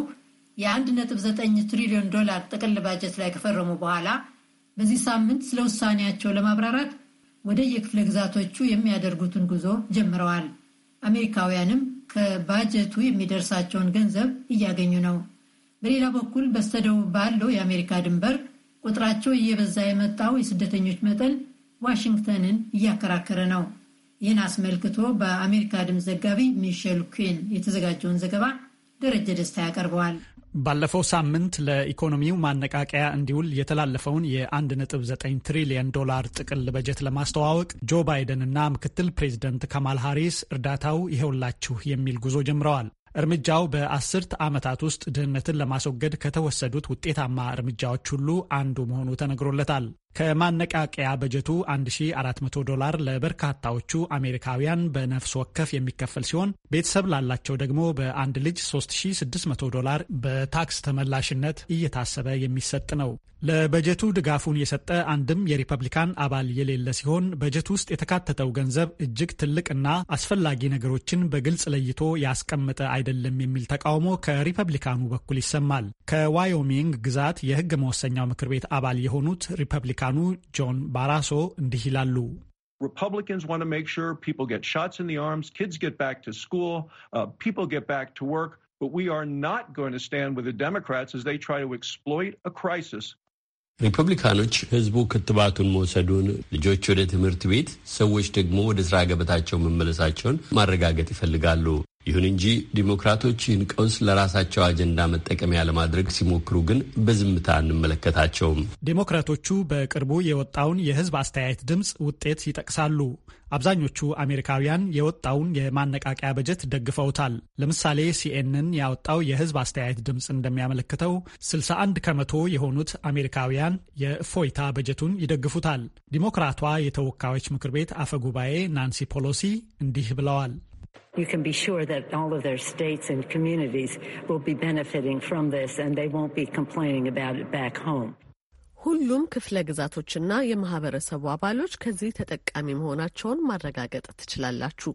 የ1.9 ትሪሊዮን ዶላር ጥቅል ባጀት ላይ ከፈረሙ በኋላ በዚህ ሳምንት ስለ ውሳኔያቸው ለማብራራት ወደ የክፍለ ግዛቶቹ የሚያደርጉትን ጉዞ ጀምረዋል። አሜሪካውያንም ከባጀቱ የሚደርሳቸውን ገንዘብ እያገኙ ነው። በሌላ በኩል በስተደቡብ ባለው የአሜሪካ ድንበር ቁጥራቸው እየበዛ የመጣው የስደተኞች መጠን ዋሽንግተንን እያከራከረ ነው። ይህን አስመልክቶ በአሜሪካ ድምፅ ዘጋቢ ሚሼል ኩን የተዘጋጀውን ዘገባ ደረጀ ደስታ ያቀርበዋል። ባለፈው ሳምንት ለኢኮኖሚው ማነቃቀያ እንዲውል የተላለፈውን የ1.9 ትሪሊየን ዶላር ጥቅል በጀት ለማስተዋወቅ ጆ ባይደንና ምክትል ፕሬዚደንት ካማል ሃሪስ እርዳታው ይኸውላችሁ የሚል ጉዞ ጀምረዋል። እርምጃው በአስርት ዓመታት ውስጥ ድህነትን ለማስወገድ ከተወሰዱት ውጤታማ እርምጃዎች ሁሉ አንዱ መሆኑ ተነግሮለታል። ከማነቃቂያ በጀቱ 1400 ዶላር ለበርካታዎቹ አሜሪካውያን በነፍስ ወከፍ የሚከፈል ሲሆን ቤተሰብ ላላቸው ደግሞ በአንድ ልጅ 3600 ዶላር በታክስ ተመላሽነት እየታሰበ የሚሰጥ ነው። ለበጀቱ ድጋፉን የሰጠ አንድም የሪፐብሊካን አባል የሌለ ሲሆን በጀት ውስጥ የተካተተው ገንዘብ እጅግ ትልቅና አስፈላጊ ነገሮችን በግልጽ ለይቶ ያስቀመጠ አይደለም የሚል ተቃውሞ ከሪፐብሊካኑ በኩል ይሰማል። ከዋዮሚንግ ግዛት የህግ መወሰኛው ምክር ቤት አባል የሆኑት ሪፐብሊካ ሪፐብሊካኑ ጆን ባራሶ እንዲህ ይላሉ። Republicans want to make sure people get shots in the arms, kids get back to school, uh, people get back to work, but we are not going to stand with the Democrats as they try to exploit a crisis. ሪፐብሊካኖች ህዝቡ ክትባቱን መውሰዱን፣ ልጆች ወደ ትምህርት ቤት፣ ሰዎች ደግሞ ወደ ስራ ገበታቸው መመለሳቸውን ማረጋገጥ ይፈልጋሉ። ይሁን እንጂ ዲሞክራቶች ይህን ቀውስ ለራሳቸው አጀንዳ መጠቀሚያ ለማድረግ ሲሞክሩ ግን በዝምታ እንመለከታቸውም። ዲሞክራቶቹ በቅርቡ የወጣውን የህዝብ አስተያየት ድምፅ ውጤት ይጠቅሳሉ። አብዛኞቹ አሜሪካውያን የወጣውን የማነቃቂያ በጀት ደግፈውታል። ለምሳሌ ሲኤንን ያወጣው የህዝብ አስተያየት ድምፅ እንደሚያመለክተው 61 ከመቶ የሆኑት አሜሪካውያን የእፎይታ በጀቱን ይደግፉታል። ዲሞክራቷ የተወካዮች ምክር ቤት አፈ ጉባኤ ናንሲ ፖሎሲ እንዲህ ብለዋል። You can be sure that all of their states and communities will be benefiting from this and they won't be complaining about it back home. ሁሉም ክፍለ ግዛቶችና የማህበረሰቡ አባሎች ከዚህ ተጠቃሚ መሆናቸውን ማረጋገጥ ትችላላችሁ።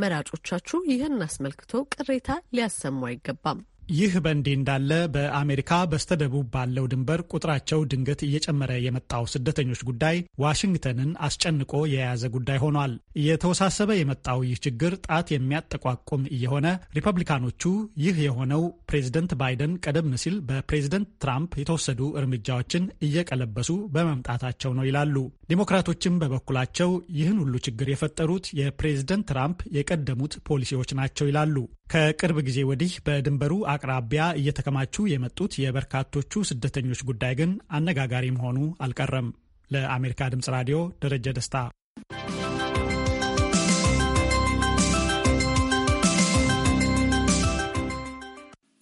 መራጮቻችሁ ይህን አስመልክቶ ቅሬታ ሊያሰሙ አይገባም። ይህ በእንዲህ እንዳለ በአሜሪካ በስተደቡብ ባለው ድንበር ቁጥራቸው ድንገት እየጨመረ የመጣው ስደተኞች ጉዳይ ዋሽንግተንን አስጨንቆ የያዘ ጉዳይ ሆኗል። እየተወሳሰበ የመጣው ይህ ችግር ጣት የሚያጠቋቁም እየሆነ ሪፐብሊካኖቹ ይህ የሆነው ፕሬዚደንት ባይደን ቀደም ሲል በፕሬዚደንት ትራምፕ የተወሰዱ እርምጃዎችን እየቀለበሱ በመምጣታቸው ነው ይላሉ። ዲሞክራቶችም በበኩላቸው ይህን ሁሉ ችግር የፈጠሩት የፕሬዚደንት ትራምፕ የቀደሙት ፖሊሲዎች ናቸው ይላሉ። ከቅርብ ጊዜ ወዲህ በድንበሩ አቅራቢያ እየተከማቹ የመጡት የበርካቶቹ ስደተኞች ጉዳይ ግን አነጋጋሪ መሆኑ አልቀረም። ለአሜሪካ ድምፅ ራዲዮ ደረጀ ደስታ።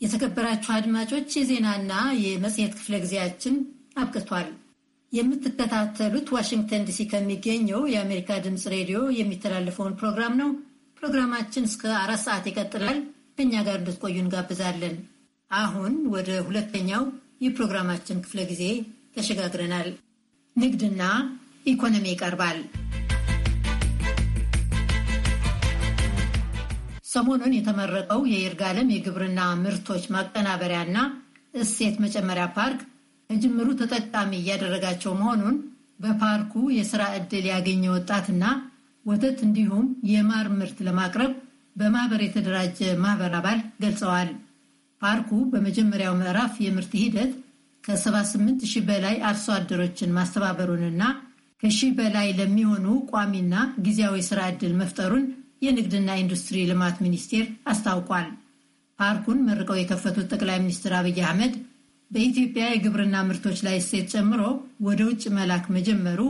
የተከበራችሁ አድማጮች የዜናና የመጽሔት ክፍለ ጊዜያችን አብቅቷል። የምትከታተሉት ዋሽንግተን ዲሲ ከሚገኘው የአሜሪካ ድምፅ ሬዲዮ የሚተላለፈውን ፕሮግራም ነው። ፕሮግራማችን እስከ አራት ሰዓት ይቀጥላል። ከእኛ ጋር እንድትቆዩ እንጋብዛለን። አሁን ወደ ሁለተኛው የፕሮግራማችን ክፍለ ጊዜ ተሸጋግረናል። ንግድና ኢኮኖሚ ይቀርባል። ሰሞኑን የተመረቀው የይርጋለም የግብርና ምርቶች ማቀናበሪያና እሴት መጨመሪያ ፓርክ ከጅምሩ ተጠቃሚ እያደረጋቸው መሆኑን በፓርኩ የስራ ዕድል ያገኘ ወጣትና ወተት እንዲሁም የማር ምርት ለማቅረብ በማህበር የተደራጀ ማህበር አባል ገልጸዋል። ፓርኩ በመጀመሪያው ምዕራፍ የምርት ሂደት ከ78 ሺህ በላይ አርሶ አደሮችን ማስተባበሩንና ከሺህ በላይ ለሚሆኑ ቋሚና ጊዜያዊ ስራ ዕድል መፍጠሩን የንግድና ኢንዱስትሪ ልማት ሚኒስቴር አስታውቋል። ፓርኩን መርቀው የከፈቱት ጠቅላይ ሚኒስትር አብይ አህመድ በኢትዮጵያ የግብርና ምርቶች ላይ እሴት ጨምሮ ወደ ውጭ መላክ መጀመሩ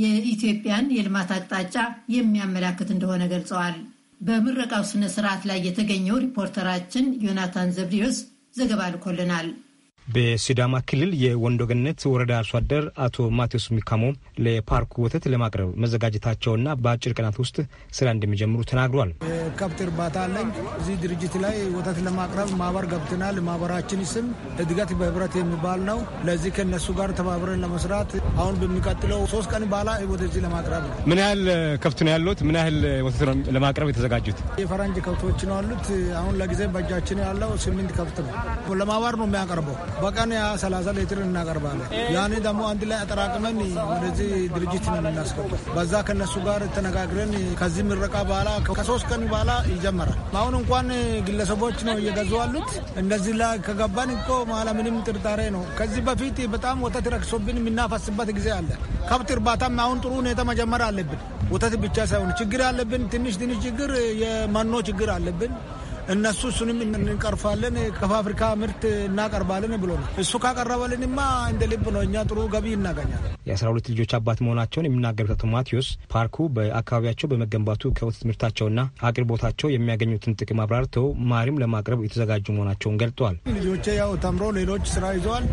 የኢትዮጵያን የልማት አቅጣጫ የሚያመላክት እንደሆነ ገልጸዋል። በምረቃው ስነ ስርዓት ላይ የተገኘው ሪፖርተራችን ዮናታን ዘብዲዮስ ዘገባ ልኮልናል። በሲዳማ ክልል የወንዶ ወረዳ አርሶ አደር አቶ ማቴዎስ ሚካሞ ለፓርኩ ወተት ለማቅረብ መዘጋጀታቸውና በአጭር ቀናት ውስጥ ስራ እንደሚጀምሩ ተናግሯል። ከብት እርባታ አለኝ። እዚህ ድርጅት ላይ ወተት ለማቅረብ ማህበር ገብተናል። ማህበራችን ስም እድገት በህብረት የሚባል ነው። ለዚህ ከነሱ ጋር ተባብረን ለመስራት አሁን በሚቀጥለው ሶስት ቀን ባላ ወደዚህ ለማቅረብ ነው። ምን ያህል ከብት ነው ያሉት? ምን ያህል ወተት ለማቅረብ የተዘጋጁት? የፈረንጅ ከብቶች ነው ያሉት። አሁን ለጊዜ በእጃችን ያለው ስምንት ከብት ነው። ለማህበር ነው የሚያቀርበው በቀን ሰላሳ ሌትር እናቀርባለን። ያን ደግሞ አንድ ላይ አጠራቅመን ወደዚህ ድርጅት ነው የምናስገባው። በዛ ከነሱ ጋር ተነጋግረን ከዚህ ምረቃ በኋላ ከሶስት ቀን በኋላ ይጀመራል። አሁን እንኳን ግለሰቦች ነው እየገዙ አሉት። እንደዚህ ላይ ከገባን እኮ ማላ ምንም ጥርጣሬ ነው። ከዚህ በፊት በጣም ወተት ረክሶብን የምናፈስበት ጊዜ አለ። ከብት እርባታም አሁን ጥሩ ሁኔታ መጀመር አለብን። ወተት ብቻ ሳይሆን ችግር አለብን። ትንሽ ትንሽ ችግር የመኖ ችግር አለብን። እነሱ እሱንም እንቀርፋለን ከፋብሪካ ምርት እናቀርባለን ብሎ ነው እሱ ካቀረበልንማ እንደ ልብ ነው፣ እኛ ጥሩ ገቢ እናገኛለን። የአስራ ሁለት ልጆች አባት መሆናቸውን የሚናገሩት አቶ ማቴዎስ ፓርኩ በአካባቢያቸው በመገንባቱ ከወተት ምርታቸውና አቅርቦታቸው የሚያገኙትን ጥቅም አብራርተው ማሪም ለማቅረብ የተዘጋጁ መሆናቸውን ገልጠዋል። ልጆቼ ያው ተምሮ ሌሎች ስራ ይዘዋል።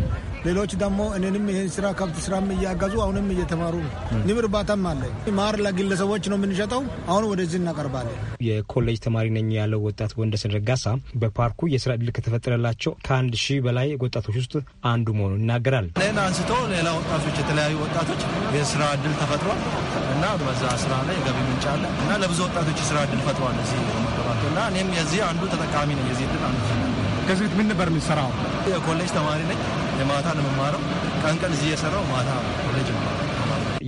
ሌሎች ደግሞ እኔንም ይህን ስራ ከብት ስራም እያገዙ አሁንም እየተማሩ ነው። ንብ እርባታም አለ። ማር ለግለሰቦች ነው የምንሸጠው። አሁን ወደዚህ እናቀርባለን። የኮሌጅ ተማሪ ነኝ ያለው ወጣት ወንደ መስፍን ረጋሳ በፓርኩ የስራ እድል ከተፈጠረላቸው ከአንድ ሺህ በላይ ወጣቶች ውስጥ አንዱ መሆኑን ይናገራል። ሌላ አንስቶ ሌላ ወጣቶች የተለያዩ ወጣቶች የስራ እድል ተፈጥሯል እና በዛ ስራ ላይ ገቢ ምንጭ አለ እና ለብዙ ወጣቶች የስራ እድል ፈጥሯል እዚህ መገባቱ እና እኔም የዚህ አንዱ ተጠቃሚ ነው። የዚህ እድል አንዱ ከዚህ ምን ነበር የሚሰራው? የኮሌጅ ተማሪ ነኝ። የማታ ነው የምማረው። ቀን ቀን እዚህ የሰራው ማታ ኮሌጅ ነው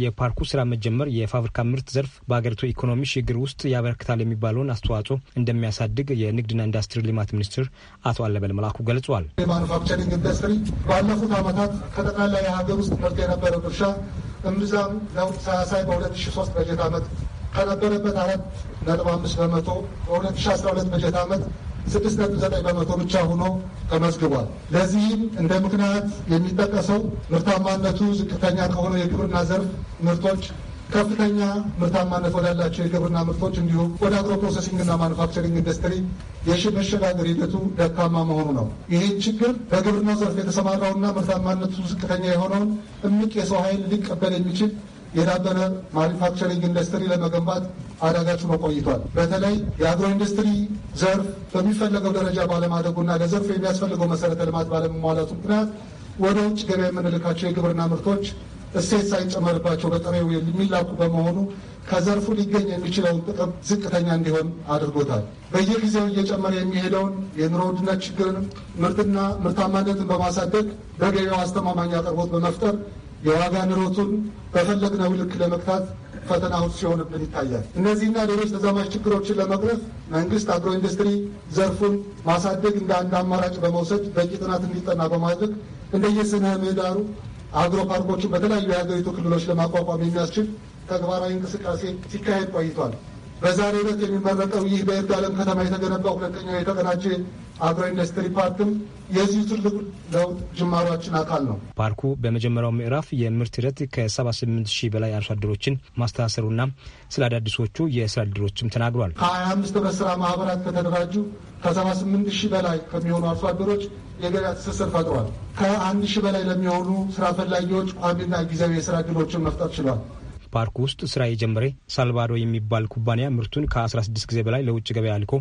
የፓርኩ ስራ መጀመር የፋብሪካ ምርት ዘርፍ በሀገሪቱ ኢኮኖሚ ሽግግር ውስጥ ያበረክታል የሚባለውን አስተዋጽኦ እንደሚያሳድግ የንግድና ኢንዱስትሪ ልማት ሚኒስትር አቶ አለበል መላኩ ገልጿል። የማኑፋክቸሪንግ ኢንዱስትሪ ባለፉት ዓመታት ከጠቅላላ የሀገር ውስጥ ምርት የነበረው ድርሻ እምብዛም ለውጥ ሳያሳይ በ2003 በጀት ዓመት ከነበረበት አራት ነጥብ አምስት በመቶ በ2012 በጀት ዓመት ስድስት ነጥብ ዘጠኝ በመቶ ብቻ ሆኖ ተመዝግቧል። ለዚህም እንደ ምክንያት የሚጠቀሰው ምርታማነቱ ዝቅተኛ ከሆነ የግብርና ዘርፍ ምርቶች ከፍተኛ ምርታማነት ወዳላቸው የግብርና ምርቶች እንዲሁም ወደ አግሮ ፕሮሰሲንግና ማኑፋክቸሪንግ ኢንዱስትሪ የመሸጋገር ሂደቱ ደካማ መሆኑ ነው። ይህን ችግር በግብርናው ዘርፍ የተሰማራውና ምርታማነቱ ዝቅተኛ የሆነውን እምቅ የሰው ኃይል ሊቀበል የሚችል የዳበረ ማኒፋክቸሪንግ ኢንዱስትሪ ለመገንባት አዳጋች ሆኖ ቆይቷል። በተለይ የአግሮ ኢንዱስትሪ ዘርፍ በሚፈለገው ደረጃ ባለማደጉና ለዘርፍ የሚያስፈልገው መሰረተ ልማት ባለመሟላቱ ምክንያት ወደ ውጭ ገበያ የምንልካቸው የግብርና ምርቶች እሴት ሳይጨመርባቸው በጥሬው የሚላኩ በመሆኑ ከዘርፉ ሊገኝ የሚችለውን ጥቅም ዝቅተኛ እንዲሆን አድርጎታል። በየጊዜው እየጨመረ የሚሄደውን የኑሮ ውድነት ችግርን ምርትና ምርታማነትን በማሳደግ በገበያው አስተማማኝ አቅርቦት በመፍጠር የዋጋ ንሮቱን በፈለግነው ልክ ለመግታት ውስጥ ሲሆንብን ይታያል። እነዚህና ሌሎች ተዛማጅ ችግሮችን ለመቅረፍ መንግስት አግሮ ኢንዱስትሪ ዘርፉን ማሳደግ እንደ አንድ አማራጭ በመውሰድ በቂ ጥናት እንዲጠና በማድረግ እንደየስነ ምህዳሩ አግሮ ፓርኮችን በተለያዩ የሀገሪቱ ክልሎች ለማቋቋም የሚያስችል ተግባራዊ እንቅስቃሴ ሲካሄድ ቆይቷል። በዛሬ ዕለት የሚመረቀው ይህ በይርጋለም ከተማ የተገነባ ሁለተኛው የተቀናጀ አግሮ ኢንዱስትሪ ፓርክም የዚህ ትልቁ ለውጥ ጅማሯችን አካል ነው። ፓርኩ በመጀመሪያው ምዕራፍ የምርት ሂደት ከ78 ሺህ በላይ አርሶ አደሮችን ማስተሳሰሩና ስለ አዳዲሶቹ የስራ እድሎችም ተናግሯል። ከ25 ህብረት ስራ ማህበራት ከተደራጁ ከ78 ሺህ በላይ ከሚሆኑ አርሶ አደሮች የገበያ ትስስር ፈጥሯል። ከ1 ሺህ በላይ ለሚሆኑ ስራ ፈላጊዎች ቋሚና ጊዜያዊ የስራ እድሎችን መፍጠር ችሏል። ፓርክ ውስጥ ስራ የጀመረ ሳልቫዶ የሚባል ኩባንያ ምርቱን ከ16 ጊዜ በላይ ለውጭ ገበያ አልኮ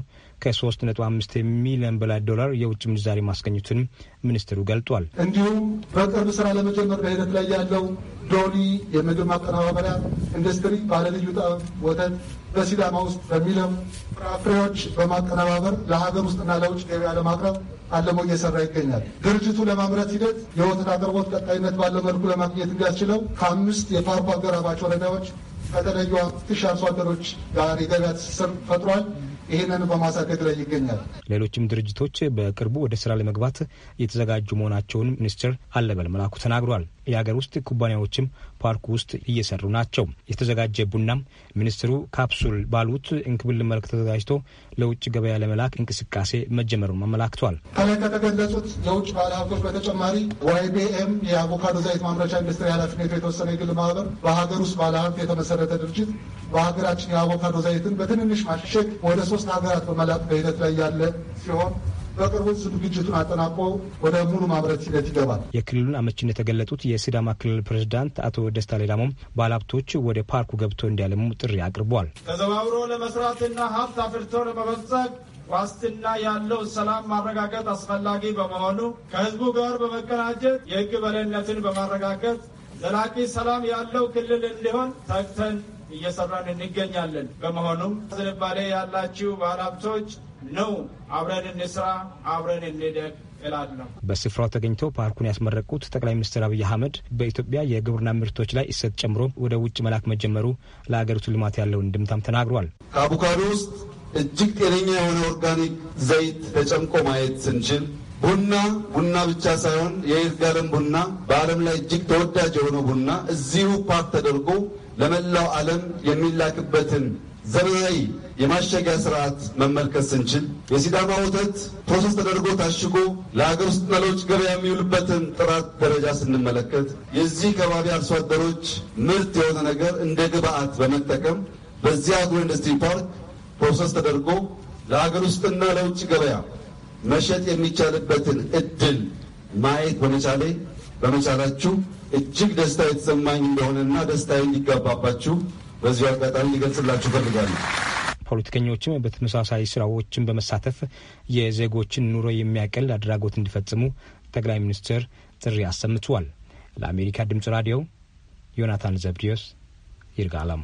ከ3.5 ሚሊዮን በላይ ዶላር የውጭ ምንዛሪ ማስገኘቱን ሚኒስትሩ ገልጧል። እንዲሁም በቅርብ ስራ ለመጀመር በሂደት ላይ ያለው ዶኒ የምግብ ማቀነባበሪያ ኢንዱስትሪ ባለልዩ ጣዕም ወተት በሲዳማ ውስጥ በሚለም ፍራፍሬዎች በማቀነባበር ለሀገር ውስጥና ለውጭ ገበያ ለማቅረብ አለሞ እየሰራ ይገኛል። ድርጅቱ ለማምረት ሂደት የወተት አቅርቦት ቀጣይነት ባለው መልኩ ለማግኘት እንዲያስችለው ከአምስት የፓርኩ አጎራባች ወረዳዎች ከተለዩ ትሽ አርሶ አደሮች ጋር የገበያ ትስስር ፈጥሯል። ይህንን በማሳደግ ላይ ይገኛል። ሌሎችም ድርጅቶች በቅርቡ ወደ ስራ ለመግባት እየተዘጋጁ መሆናቸውን ሚኒስትር አለበል መላኩ ተናግሯል። የሀገር ውስጥ ኩባንያዎችም ፓርክ ውስጥ እየሰሩ ናቸው። የተዘጋጀ ቡናም ሚኒስትሩ ካፕሱል ባሉት እንክብል መልክ ተዘጋጅቶ ለውጭ ገበያ ለመላክ እንቅስቃሴ መጀመሩን አመላክቷል። ከላይ ከተገለጹት የውጭ ባለሀብቶች በተጨማሪ ዋይቢኤም የአቮካዶ ዘይት ማምረቻ ኢንዱስትሪ ኃላፊነቱ የተወሰነ የግል ማህበር በሀገር ውስጥ ባለሀብት የተመሰረተ ድርጅት በሀገራችን የአቮካዶ ዘይትን በትንንሽ ማሸግ ወደ ሶስት ሀገራት በመላክ በሂደት ላይ ያለ ሲሆን በቅርቡ ዝግጅቱን አጠናቆ ወደ ሙሉ ማምረት ሂደት ይገባል። የክልሉን አመችነት የተገለጡት የሲዳማ ክልል ፕሬዚዳንት አቶ ደስታ ሌዳሞም ባለሀብቶች ወደ ፓርኩ ገብቶ እንዲያለሙ ጥሪ አቅርቧል። ተዘዋውሮ ለመስራትና ሀብት አፍርቶ ለመበልጸግ ዋስትና ያለው ሰላም ማረጋገጥ አስፈላጊ በመሆኑ ከህዝቡ ጋር በመቀናጀት የህግ በላይነትን በማረጋገጥ ዘላቂ ሰላም ያለው ክልል እንዲሆን ተግተን እየሰራን እንገኛለን። በመሆኑም ዝንባሌ ያላችሁ ባለሀብቶች ነው አብረን እንስራ፣ አብረን እንደግ እላለሁ። በስፍራው ተገኝተው ፓርኩን ያስመረቁት ጠቅላይ ሚኒስትር አብይ አህመድ በኢትዮጵያ የግብርና ምርቶች ላይ እሴት ጨምሮ ወደ ውጭ መላክ መጀመሩ ለሀገሪቱ ልማት ያለውን እንድምታም ተናግሯል። ከአቮካዶ ውስጥ እጅግ ጤነኛ የሆነ ኦርጋኒክ ዘይት ተጨምቆ ማየት ስንችል ቡና ቡና ብቻ ሳይሆን የይርጋለም ቡና በዓለም ላይ እጅግ ተወዳጅ የሆነ ቡና እዚሁ ፓርክ ተደርጎ ለመላው ዓለም የሚላክበትን ዘመናዊ የማሸጊያ ስርዓት መመልከት ስንችል የሲዳማ ወተት ፕሮሰስ ተደርጎ ታሽጎ ለሀገር ውስጥና ለውጭ ገበያ የሚውልበትን ጥራት ደረጃ ስንመለከት የዚህ ከባቢ አርሶ አደሮች ምርት የሆነ ነገር እንደ ግብአት በመጠቀም በዚህ አግሮ ኢንዱስትሪ ፓርክ ፕሮሰስ ተደርጎ ለሀገር ውስጥና ለውጭ ገበያ መሸጥ የሚቻልበትን እድል ማየት በመቻሌ በመቻላችሁ እጅግ ደስታ የተሰማኝ እንደሆነና ደስታ እንዲጋባባችሁ በዚሁ አጋጣሚ ሊገልጽላችሁ ፈልጋለሁ። ፖለቲከኞችም በተመሳሳይ ስራዎችን በመሳተፍ የዜጎችን ኑሮ የሚያቀል አድራጎት እንዲፈጽሙ ጠቅላይ ሚኒስትር ጥሪ አሰምተዋል። ለአሜሪካ ድምጽ ራዲዮ ዮናታን ዘብዲዮስ ይርጋ አለም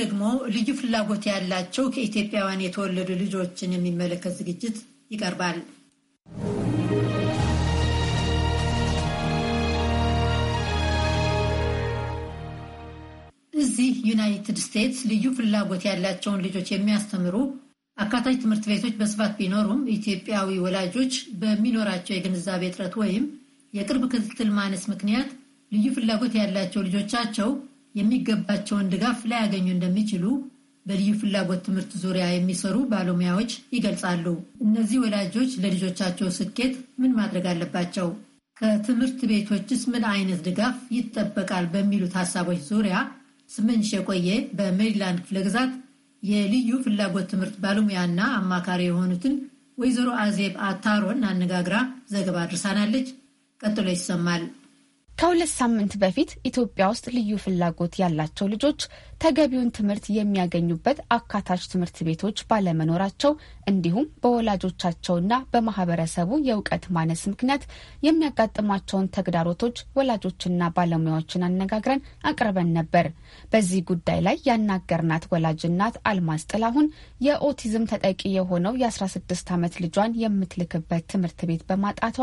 ደግሞ ልዩ ፍላጎት ያላቸው ከኢትዮጵያውያን የተወለዱ ልጆችን የሚመለከት ዝግጅት ይቀርባል። እዚህ ዩናይትድ ስቴትስ ልዩ ፍላጎት ያላቸውን ልጆች የሚያስተምሩ አካታች ትምህርት ቤቶች በስፋት ቢኖሩም ኢትዮጵያዊ ወላጆች በሚኖራቸው የግንዛቤ እጥረት ወይም የቅርብ ክትትል ማነስ ምክንያት ልዩ ፍላጎት ያላቸው ልጆቻቸው የሚገባቸውን ድጋፍ ላያገኙ እንደሚችሉ በልዩ ፍላጎት ትምህርት ዙሪያ የሚሰሩ ባለሙያዎች ይገልጻሉ። እነዚህ ወላጆች ለልጆቻቸው ስኬት ምን ማድረግ አለባቸው? ከትምህርት ቤቶችስ ምን አይነት ድጋፍ ይጠበቃል? በሚሉት ሀሳቦች ዙሪያ ስመኝሽ የቆየ በሜሪላንድ ክፍለ ግዛት የልዩ ፍላጎት ትምህርት ባለሙያና አማካሪ የሆኑትን ወይዘሮ አዜብ አታሮን አነጋግራ ዘገባ አድርሳናለች። ቀጥሎ ይሰማል። ከሁለት ሳምንት በፊት ኢትዮጵያ ውስጥ ልዩ ፍላጎት ያላቸው ልጆች ተገቢውን ትምህርት የሚያገኙበት አካታች ትምህርት ቤቶች ባለመኖራቸው እንዲሁም በወላጆቻቸውና በማህበረሰቡ የእውቀት ማነስ ምክንያት የሚያጋጥሟቸውን ተግዳሮቶች ወላጆችና ባለሙያዎችን አነጋግረን አቅርበን ነበር። በዚህ ጉዳይ ላይ ያናገርናት ወላጅናት አልማዝ ጥላሁን የኦቲዝም ተጠቂ የሆነው የ16 ዓመት ልጇን የምትልክበት ትምህርት ቤት በማጣቷ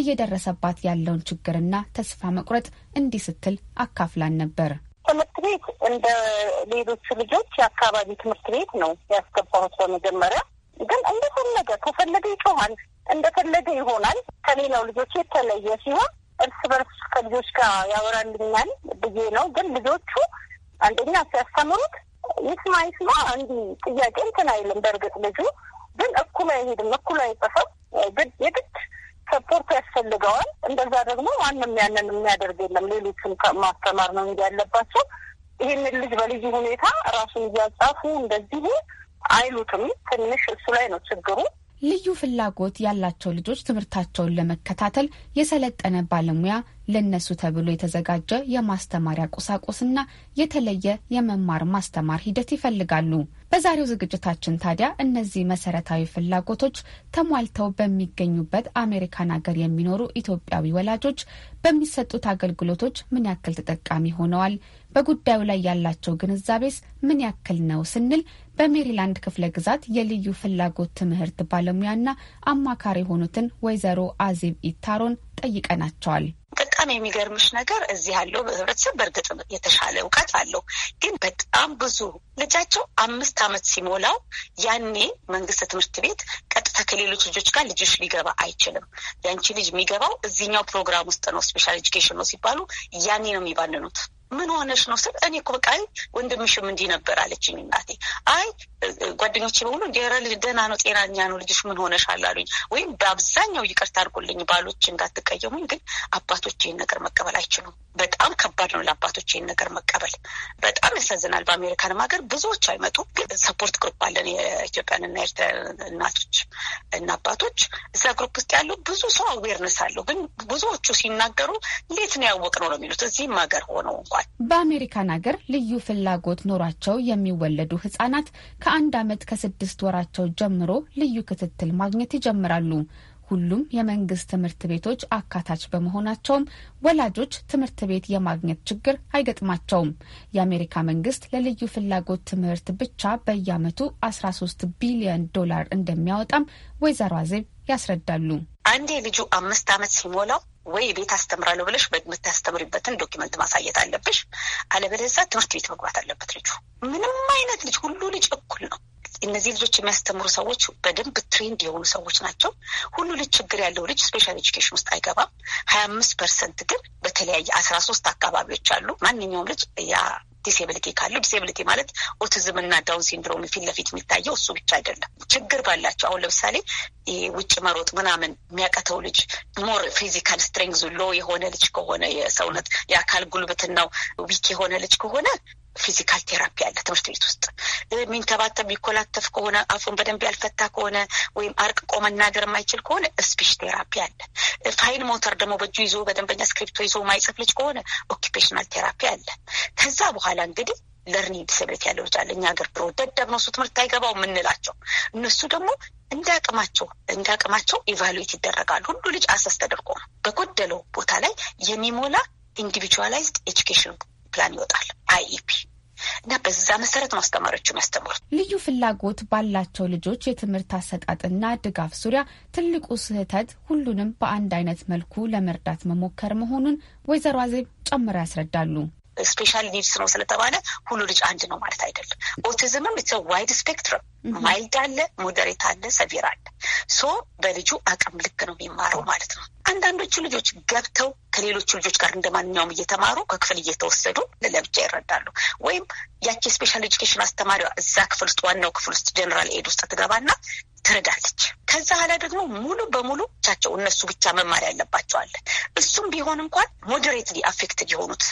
እየደረሰባት ያለውን ችግርና ተስፋ መቁረጥ እንዲህ ስትል አካፍላን ነበር። ትምህርት ቤት እንደ ሌሎቹ ልጆች የአካባቢ ትምህርት ቤት ነው ያስገባሁት። በመጀመሪያ ግን እንደፈለገ ከፈለገ ይጮሃል፣ እንደፈለገ ይሆናል። ከሌላው ልጆች የተለየ ሲሆን እርስ በርስ ከልጆች ጋር ያወራልኛል ብዬ ነው። ግን ልጆቹ አንደኛ ሲያስተምሩት ይስማ ይስማ እንዲህ ጥያቄ እንትን አይልም። በእርግጥ ልጁ ግን እኩል አይሄድም፣ እኩል አይጽፍም። የግድ ሰፖርት ያስፈልገዋል። እንደዛ ደግሞ ማንም ያንን የሚያደርግ የለም። ሌሎችን ማስተማር ነው እንጂ ያለባቸው ይህንን ልጅ በልዩ ሁኔታ ራሱን እያጻፉ እንደዚሁ አይሉትም። ትንሽ እሱ ላይ ነው ችግሩ። ልዩ ፍላጎት ያላቸው ልጆች ትምህርታቸውን ለመከታተል የሰለጠነ ባለሙያ ለነሱ ተብሎ የተዘጋጀ የማስተማሪያ ቁሳቁስና የተለየ የመማር ማስተማር ሂደት ይፈልጋሉ። በዛሬው ዝግጅታችን ታዲያ እነዚህ መሰረታዊ ፍላጎቶች ተሟልተው በሚገኙበት አሜሪካን ሀገር የሚኖሩ ኢትዮጵያዊ ወላጆች በሚሰጡት አገልግሎቶች ምን ያክል ተጠቃሚ ሆነዋል፣ በጉዳዩ ላይ ያላቸው ግንዛቤስ ምን ያክል ነው ስንል በሜሪላንድ ክፍለ ግዛት የልዩ ፍላጎት ትምህርት ባለሙያና አማካሪ የሆኑትን ወይዘሮ አዜብ ኢታሮን ጠይቀናቸዋል። በጣም የሚገርምሽ ነገር እዚህ ያለው ህብረተሰብ በእርግጥ የተሻለ እውቀት አለው፣ ግን በጣም ብዙ ልጃቸው አምስት ዓመት ሲሞላው ያኔ መንግስት ትምህርት ቤት ቀጥታ ከሌሎች ልጆች ጋር ልጆች ሊገባ አይችልም። ያንቺ ልጅ የሚገባው እዚህኛው ፕሮግራም ውስጥ ነው፣ ስፔሻል ኤጁኬሽን ነው ሲባሉ ያኔ ነው የሚባንኑት። ምን ሆነሽ ነው ስል እኔ እኮ በቃ ወንድምሽም እንዲህ ነበር አለችኝ እናቴ። አይ ጓደኞቼ በሙሉ ኧረ ደህና ነው ጤናኛ ነው ልጅሽ ምን ሆነሽ አላሉኝ። ወይም በአብዛኛው ይቅርታ አድርጎልኝ ባሎች እንዳትቀየሙኝ፣ ግን አባቶች ይህን ነገር መቀበል አይችሉም። በጣም ከባድ ነው ለአባቶች ይህን ነገር መቀበል። በጣም ያሳዝናል። በአሜሪካንም ሀገር ብዙዎች አይመጡም፣ ግን ሰፖርት ግሩፕ አለን የኢትዮጵያን የኢትዮጵያንና ኤርትራ እናቶች እና አባቶች። እዛ ግሩፕ ውስጥ ያለው ብዙ ሰው አዌርነስ አለው፣ ግን ብዙዎቹ ሲናገሩ እንዴት ነው ያወቅ ነው ነው የሚሉት እዚህም ሀገር ሆነው እንኳ ገልጸዋል። በአሜሪካን ሀገር ልዩ ፍላጎት ኖሯቸው የሚወለዱ ህጻናት ከአንድ ዓመት ከስድስት ወራቸው ጀምሮ ልዩ ክትትል ማግኘት ይጀምራሉ። ሁሉም የመንግስት ትምህርት ቤቶች አካታች በመሆናቸውም ወላጆች ትምህርት ቤት የማግኘት ችግር አይገጥማቸውም። የአሜሪካ መንግስት ለልዩ ፍላጎት ትምህርት ብቻ በየአመቱ 13 ቢሊዮን ዶላር እንደሚያወጣም ወይዘሮ አዜብ ያስረዳሉ። አንዴ ልጁ አምስት አመት ሲሞላው ወይ ቤት አስተምራለሁ ብለሽ የምታስተምሪበትን ዶኪመንት ማሳየት አለብሽ። አለበለዚያ ትምህርት ቤት መግባት አለበት ልጁ። ምንም አይነት ልጅ ሁሉ ልጅ እኩል ነው። እነዚህ ልጆች የሚያስተምሩ ሰዎች በደንብ ትሬንድ የሆኑ ሰዎች ናቸው። ሁሉ ልጅ ችግር ያለው ልጅ ስፔሻል ኤጁኬሽን ውስጥ አይገባም። ሀያ አምስት ፐርሰንት ግን በተለያየ አስራ ሶስት አካባቢዎች አሉ። ማንኛውም ልጅ ያ ዲሴብሊቲ ካለው ዲሴብሊቲ ማለት ኦቲዝም እና ዳውን ሲንድሮም ፊት ለፊት የሚታየው እሱ ብቻ አይደለም። ችግር ባላቸው አሁን ለምሳሌ ውጭ መሮጥ ምናምን የሚያቀተው ልጅ ሞር ፊዚካል ስትሬንግዝ ሎ የሆነ ልጅ ከሆነ የሰውነት የአካል ጉልበትናው ዊክ የሆነ ልጅ ከሆነ ፊዚካል ቴራፒ አለ። ትምህርት ቤት ውስጥ የሚንተባተብ የሚኮላተፍ ከሆነ አፉን በደንብ ያልፈታ ከሆነ ወይም አርቅቆ መናገር የማይችል ከሆነ ስፒች ቴራፒ አለ። ፋይል ሞተር ደግሞ በእጁ ይዞ በደንበኛ ስክሪፕቶ ይዞ ማይጽፍ ልጅ ከሆነ ኦኪፔሽናል ቴራፒ አለ። ከዛ በኋላ እንግዲህ ለርኒንግ ዲስብሊቲ ያለው ልጅ አለ። እኛ ሀገር ድሮ ደደብ ነው እሱ ትምህርት አይገባው የምንላቸው እነሱ ደግሞ እንደ አቅማቸው እንደ አቅማቸው ኢቫሉዌት ይደረጋል። ሁሉ ልጅ አሰስ ተደርጎ ነው በጎደለው ቦታ ላይ የሚሞላ ኢንዲቪጁዋላይዝድ ኤጁኬሽን ፕላን ይወጣል። አይኢፒ እና በዛ መሰረት ነው አስተማሪዎች የሚያስተምሩት። ልዩ ፍላጎት ባላቸው ልጆች የትምህርት አሰጣጥና ድጋፍ ዙሪያ ትልቁ ስህተት ሁሉንም በአንድ አይነት መልኩ ለመርዳት መሞከር መሆኑን ወይዘሮ አዜብ ጨምሮ ያስረዳሉ። ስፔሻል ኒድስ ነው ስለተባለ ሁሉ ልጅ አንድ ነው ማለት አይደለም። ኦቲዝምም ኢትስ ዋይድ ስፔክትረም ማይልድ አለ፣ ሞደሬት አለ፣ ሰቪር አለ። ሶ በልጁ አቅም ልክ ነው የሚማረው ማለት ነው። አንዳንዶቹ ልጆች ገብተው ከሌሎቹ ልጆች ጋር እንደ ማንኛውም እየተማሩ ከክፍል እየተወሰዱ ለብቻ ይረዳሉ። ወይም ያቺ ስፔሻል ኤጁኬሽን አስተማሪዋ እዛ ክፍል ውስጥ ዋናው ክፍል ውስጥ ጀነራል ኤድ ውስጥ ትገባና ትረዳለች። ከዛ ኋላ ደግሞ ሙሉ በሙሉ ቻቸው እነሱ ብቻ መማር ያለባቸዋለን። እሱም ቢሆን እንኳን ሞዴሬትሊ አፌክትድ የሆኑት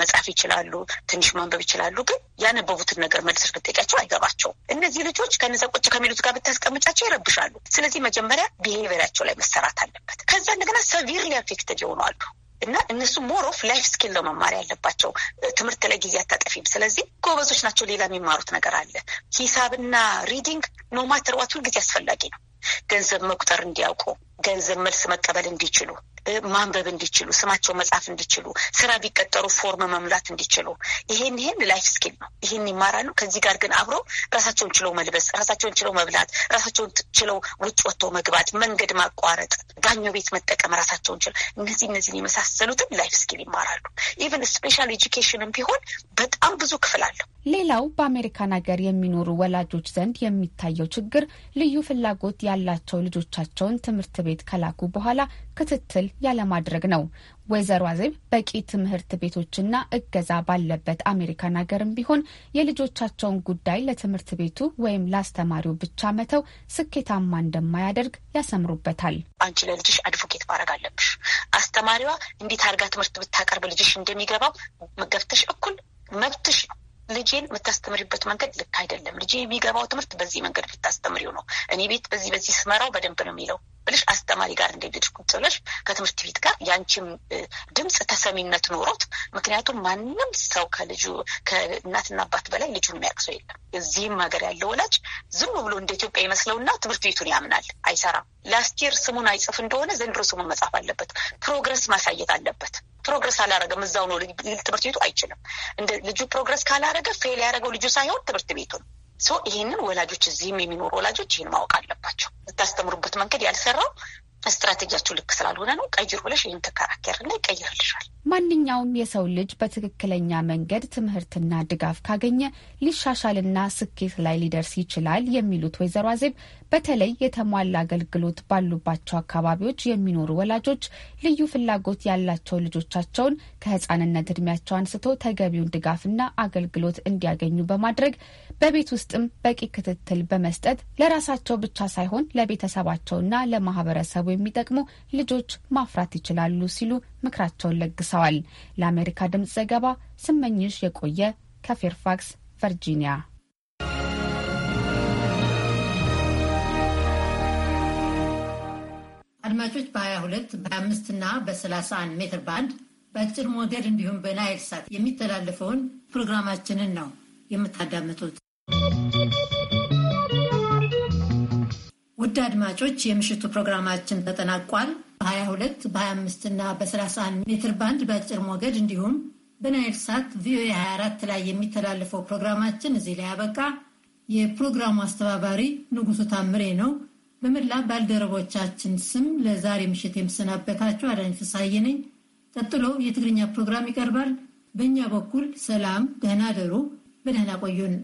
መጻፍ ይችላሉ፣ ትንሽ ማንበብ ይችላሉ። ግን ያነበቡትን ነገር መልሰሽ ብትጠይቂያቸው አይገባቸውም። እነዚህ ልጆች ከነዛ ቁጭ ከሚሉት ጋር ብታስቀምጫቸው ይረብሻሉ። ስለዚህ መጀመሪያ ቢሄቪራቸው ላይ መሰራት አለበት። ከዛ እንደገና ሰቪርሊ አፌክትድ የሆኑ አሉ እና እነሱ ሞር ኦፍ ላይፍ ስኪል ነው መማር ያለባቸው። ትምህርት ላይ ጊዜ አታጠፊም። ስለዚህ ጎበዞች ናቸው። ሌላ የሚማሩት ነገር አለ። ሂሳብና ሪዲንግ ኖማተር ዋት ሁልጊዜ አስፈላጊ ነው። ገንዘብ መቁጠር እንዲያውቁ ገንዘብ መልስ መቀበል እንዲችሉ፣ ማንበብ እንዲችሉ፣ ስማቸው መጻፍ እንዲችሉ፣ ስራ ቢቀጠሩ ፎርም መምላት እንዲችሉ፣ ይሄን ይሄን ላይፍ ስኪል ነው። ይሄን ይማራሉ። ከዚህ ጋር ግን አብሮ ራሳቸውን ችለው መልበስ፣ ራሳቸውን ችለው መብላት፣ ራሳቸውን ችለው ውጭ ወጥቶ መግባት፣ መንገድ ማቋረጥ፣ ባኞ ቤት መጠቀም ራሳቸውን ችለው እነዚህ እነዚህን የመሳሰሉትን ላይፍ ስኪል ይማራሉ። ኢቨን ስፔሻል ኤጁኬሽንም ቢሆን በጣም ብዙ ክፍል አለው። ሌላው በአሜሪካን ሀገር የሚኖሩ ወላጆች ዘንድ የሚታየው ችግር ልዩ ፍላጎት ያላቸው ልጆቻቸውን ትምህርት ቤት ቤት ከላኩ በኋላ ክትትል ያለማድረግ ነው። ወይዘሮ አዜብ በቂ ትምህርት ቤቶችና እገዛ ባለበት አሜሪካን ሀገርም ቢሆን የልጆቻቸውን ጉዳይ ለትምህርት ቤቱ ወይም ለአስተማሪው ብቻ መተው ስኬታማ እንደማያደርግ ያሰምሩበታል። አንቺ ለልጅሽ አድቮኬት ማድረግ አለብሽ። አስተማሪዋ እንዴት አድርጋ ትምህርት ብታቀርብ ልጅሽ እንደሚገባው መገብተሽ እኩል መብትሽ ነው። ልጄን የምታስተምሪበት መንገድ ልክ አይደለም፣ ልጄ የሚገባው ትምህርት በዚህ መንገድ ብታስተምሪው ነው፣ እኔ ቤት በዚህ በዚህ ስመራው በደንብ ነው የሚለው ብልሽ አስተማሪ ጋር እንደሄድሽ ቁጭ ብለሽ ከትምህርት ቤት ጋር የአንቺም ድምፅ ተሰሚነት ኖሮት። ምክንያቱም ማንም ሰው ከልጁ ከእናትና አባት በላይ ልጁን የሚያቅሰው የለም። እዚህም ሀገር ያለው ወላጅ ዝም ብሎ እንደ ኢትዮጵያ ይመስለውና ትምህርት ቤቱን ያምናል። አይሰራም። ላስት ስሙን አይጽፍ እንደሆነ ዘንድሮ ስሙን መጻፍ አለበት። ፕሮግረስ ማሳየት አለበት። ፕሮግረስ አላረገም እዛው ነው ትምህርት ቤቱ አይችልም። እንደ ልጁ ፕሮግረስ ካላረገ ፌል ያደረገው ልጁ ሳይሆን ትምህርት ቤቱ ነው። ይህንን ወላጆች እዚህም የሚኖሩ ወላጆች ይህን ማወቅ አለባቸው። ልታስተምሩበት መንገድ ያልሰራው ስትራቴጂያቸው ልክ ስላልሆነ ነው ቀይር ብለሽ ይህን ትከራከርና ይቀይርልሻል። ማንኛውም የሰው ልጅ በትክክለኛ መንገድ ትምህርትና ድጋፍ ካገኘ ሊሻሻልና ስኬት ላይ ሊደርስ ይችላል የሚሉት ወይዘሮ አዜብ በተለይ የተሟላ አገልግሎት ባሉባቸው አካባቢዎች የሚኖሩ ወላጆች ልዩ ፍላጎት ያላቸው ልጆቻቸውን ከሕፃንነት እድሜያቸው አንስቶ ተገቢውን ድጋፍና አገልግሎት እንዲያገኙ በማድረግ በቤት ውስጥም በቂ ክትትል በመስጠት ለራሳቸው ብቻ ሳይሆን ለቤተሰባቸውና ለማህበረሰቡ የሚጠቅሙ ልጆች ማፍራት ይችላሉ ሲሉ ምክራቸውን ለግሰዋል። ለአሜሪካ ድምፅ ዘገባ ስመኝሽ የቆየ ከፌርፋክስ ቨርጂኒያ። አድማጮች በ22 በ25 እና በ31 ሜትር ባንድ በአጭር ሞገድ እንዲሁም በናይል ሳት የሚተላለፈውን ፕሮግራማችንን ነው የምታዳምጡት። ውድ አድማጮች የምሽቱ ፕሮግራማችን ተጠናቋል። በ22 በ25 እና በ31 ሜትር ባንድ በአጭር ሞገድ እንዲሁም በናይል ሳት ቪኦኤ 24 ላይ የሚተላለፈው ፕሮግራማችን እዚህ ላይ ያበቃ። የፕሮግራሙ አስተባባሪ ንጉሱ ታምሬ ነው። በመላ ባልደረቦቻችን ስም ለዛሬ ምሽት የምሰናበታችሁ አዳኝ ፍሳዬ ነኝ። ቀጥሎ የትግርኛ ፕሮግራም ይቀርባል። በእኛ በኩል ሰላም፣ ደህና ደሩ፣ በደህና ቆዩን።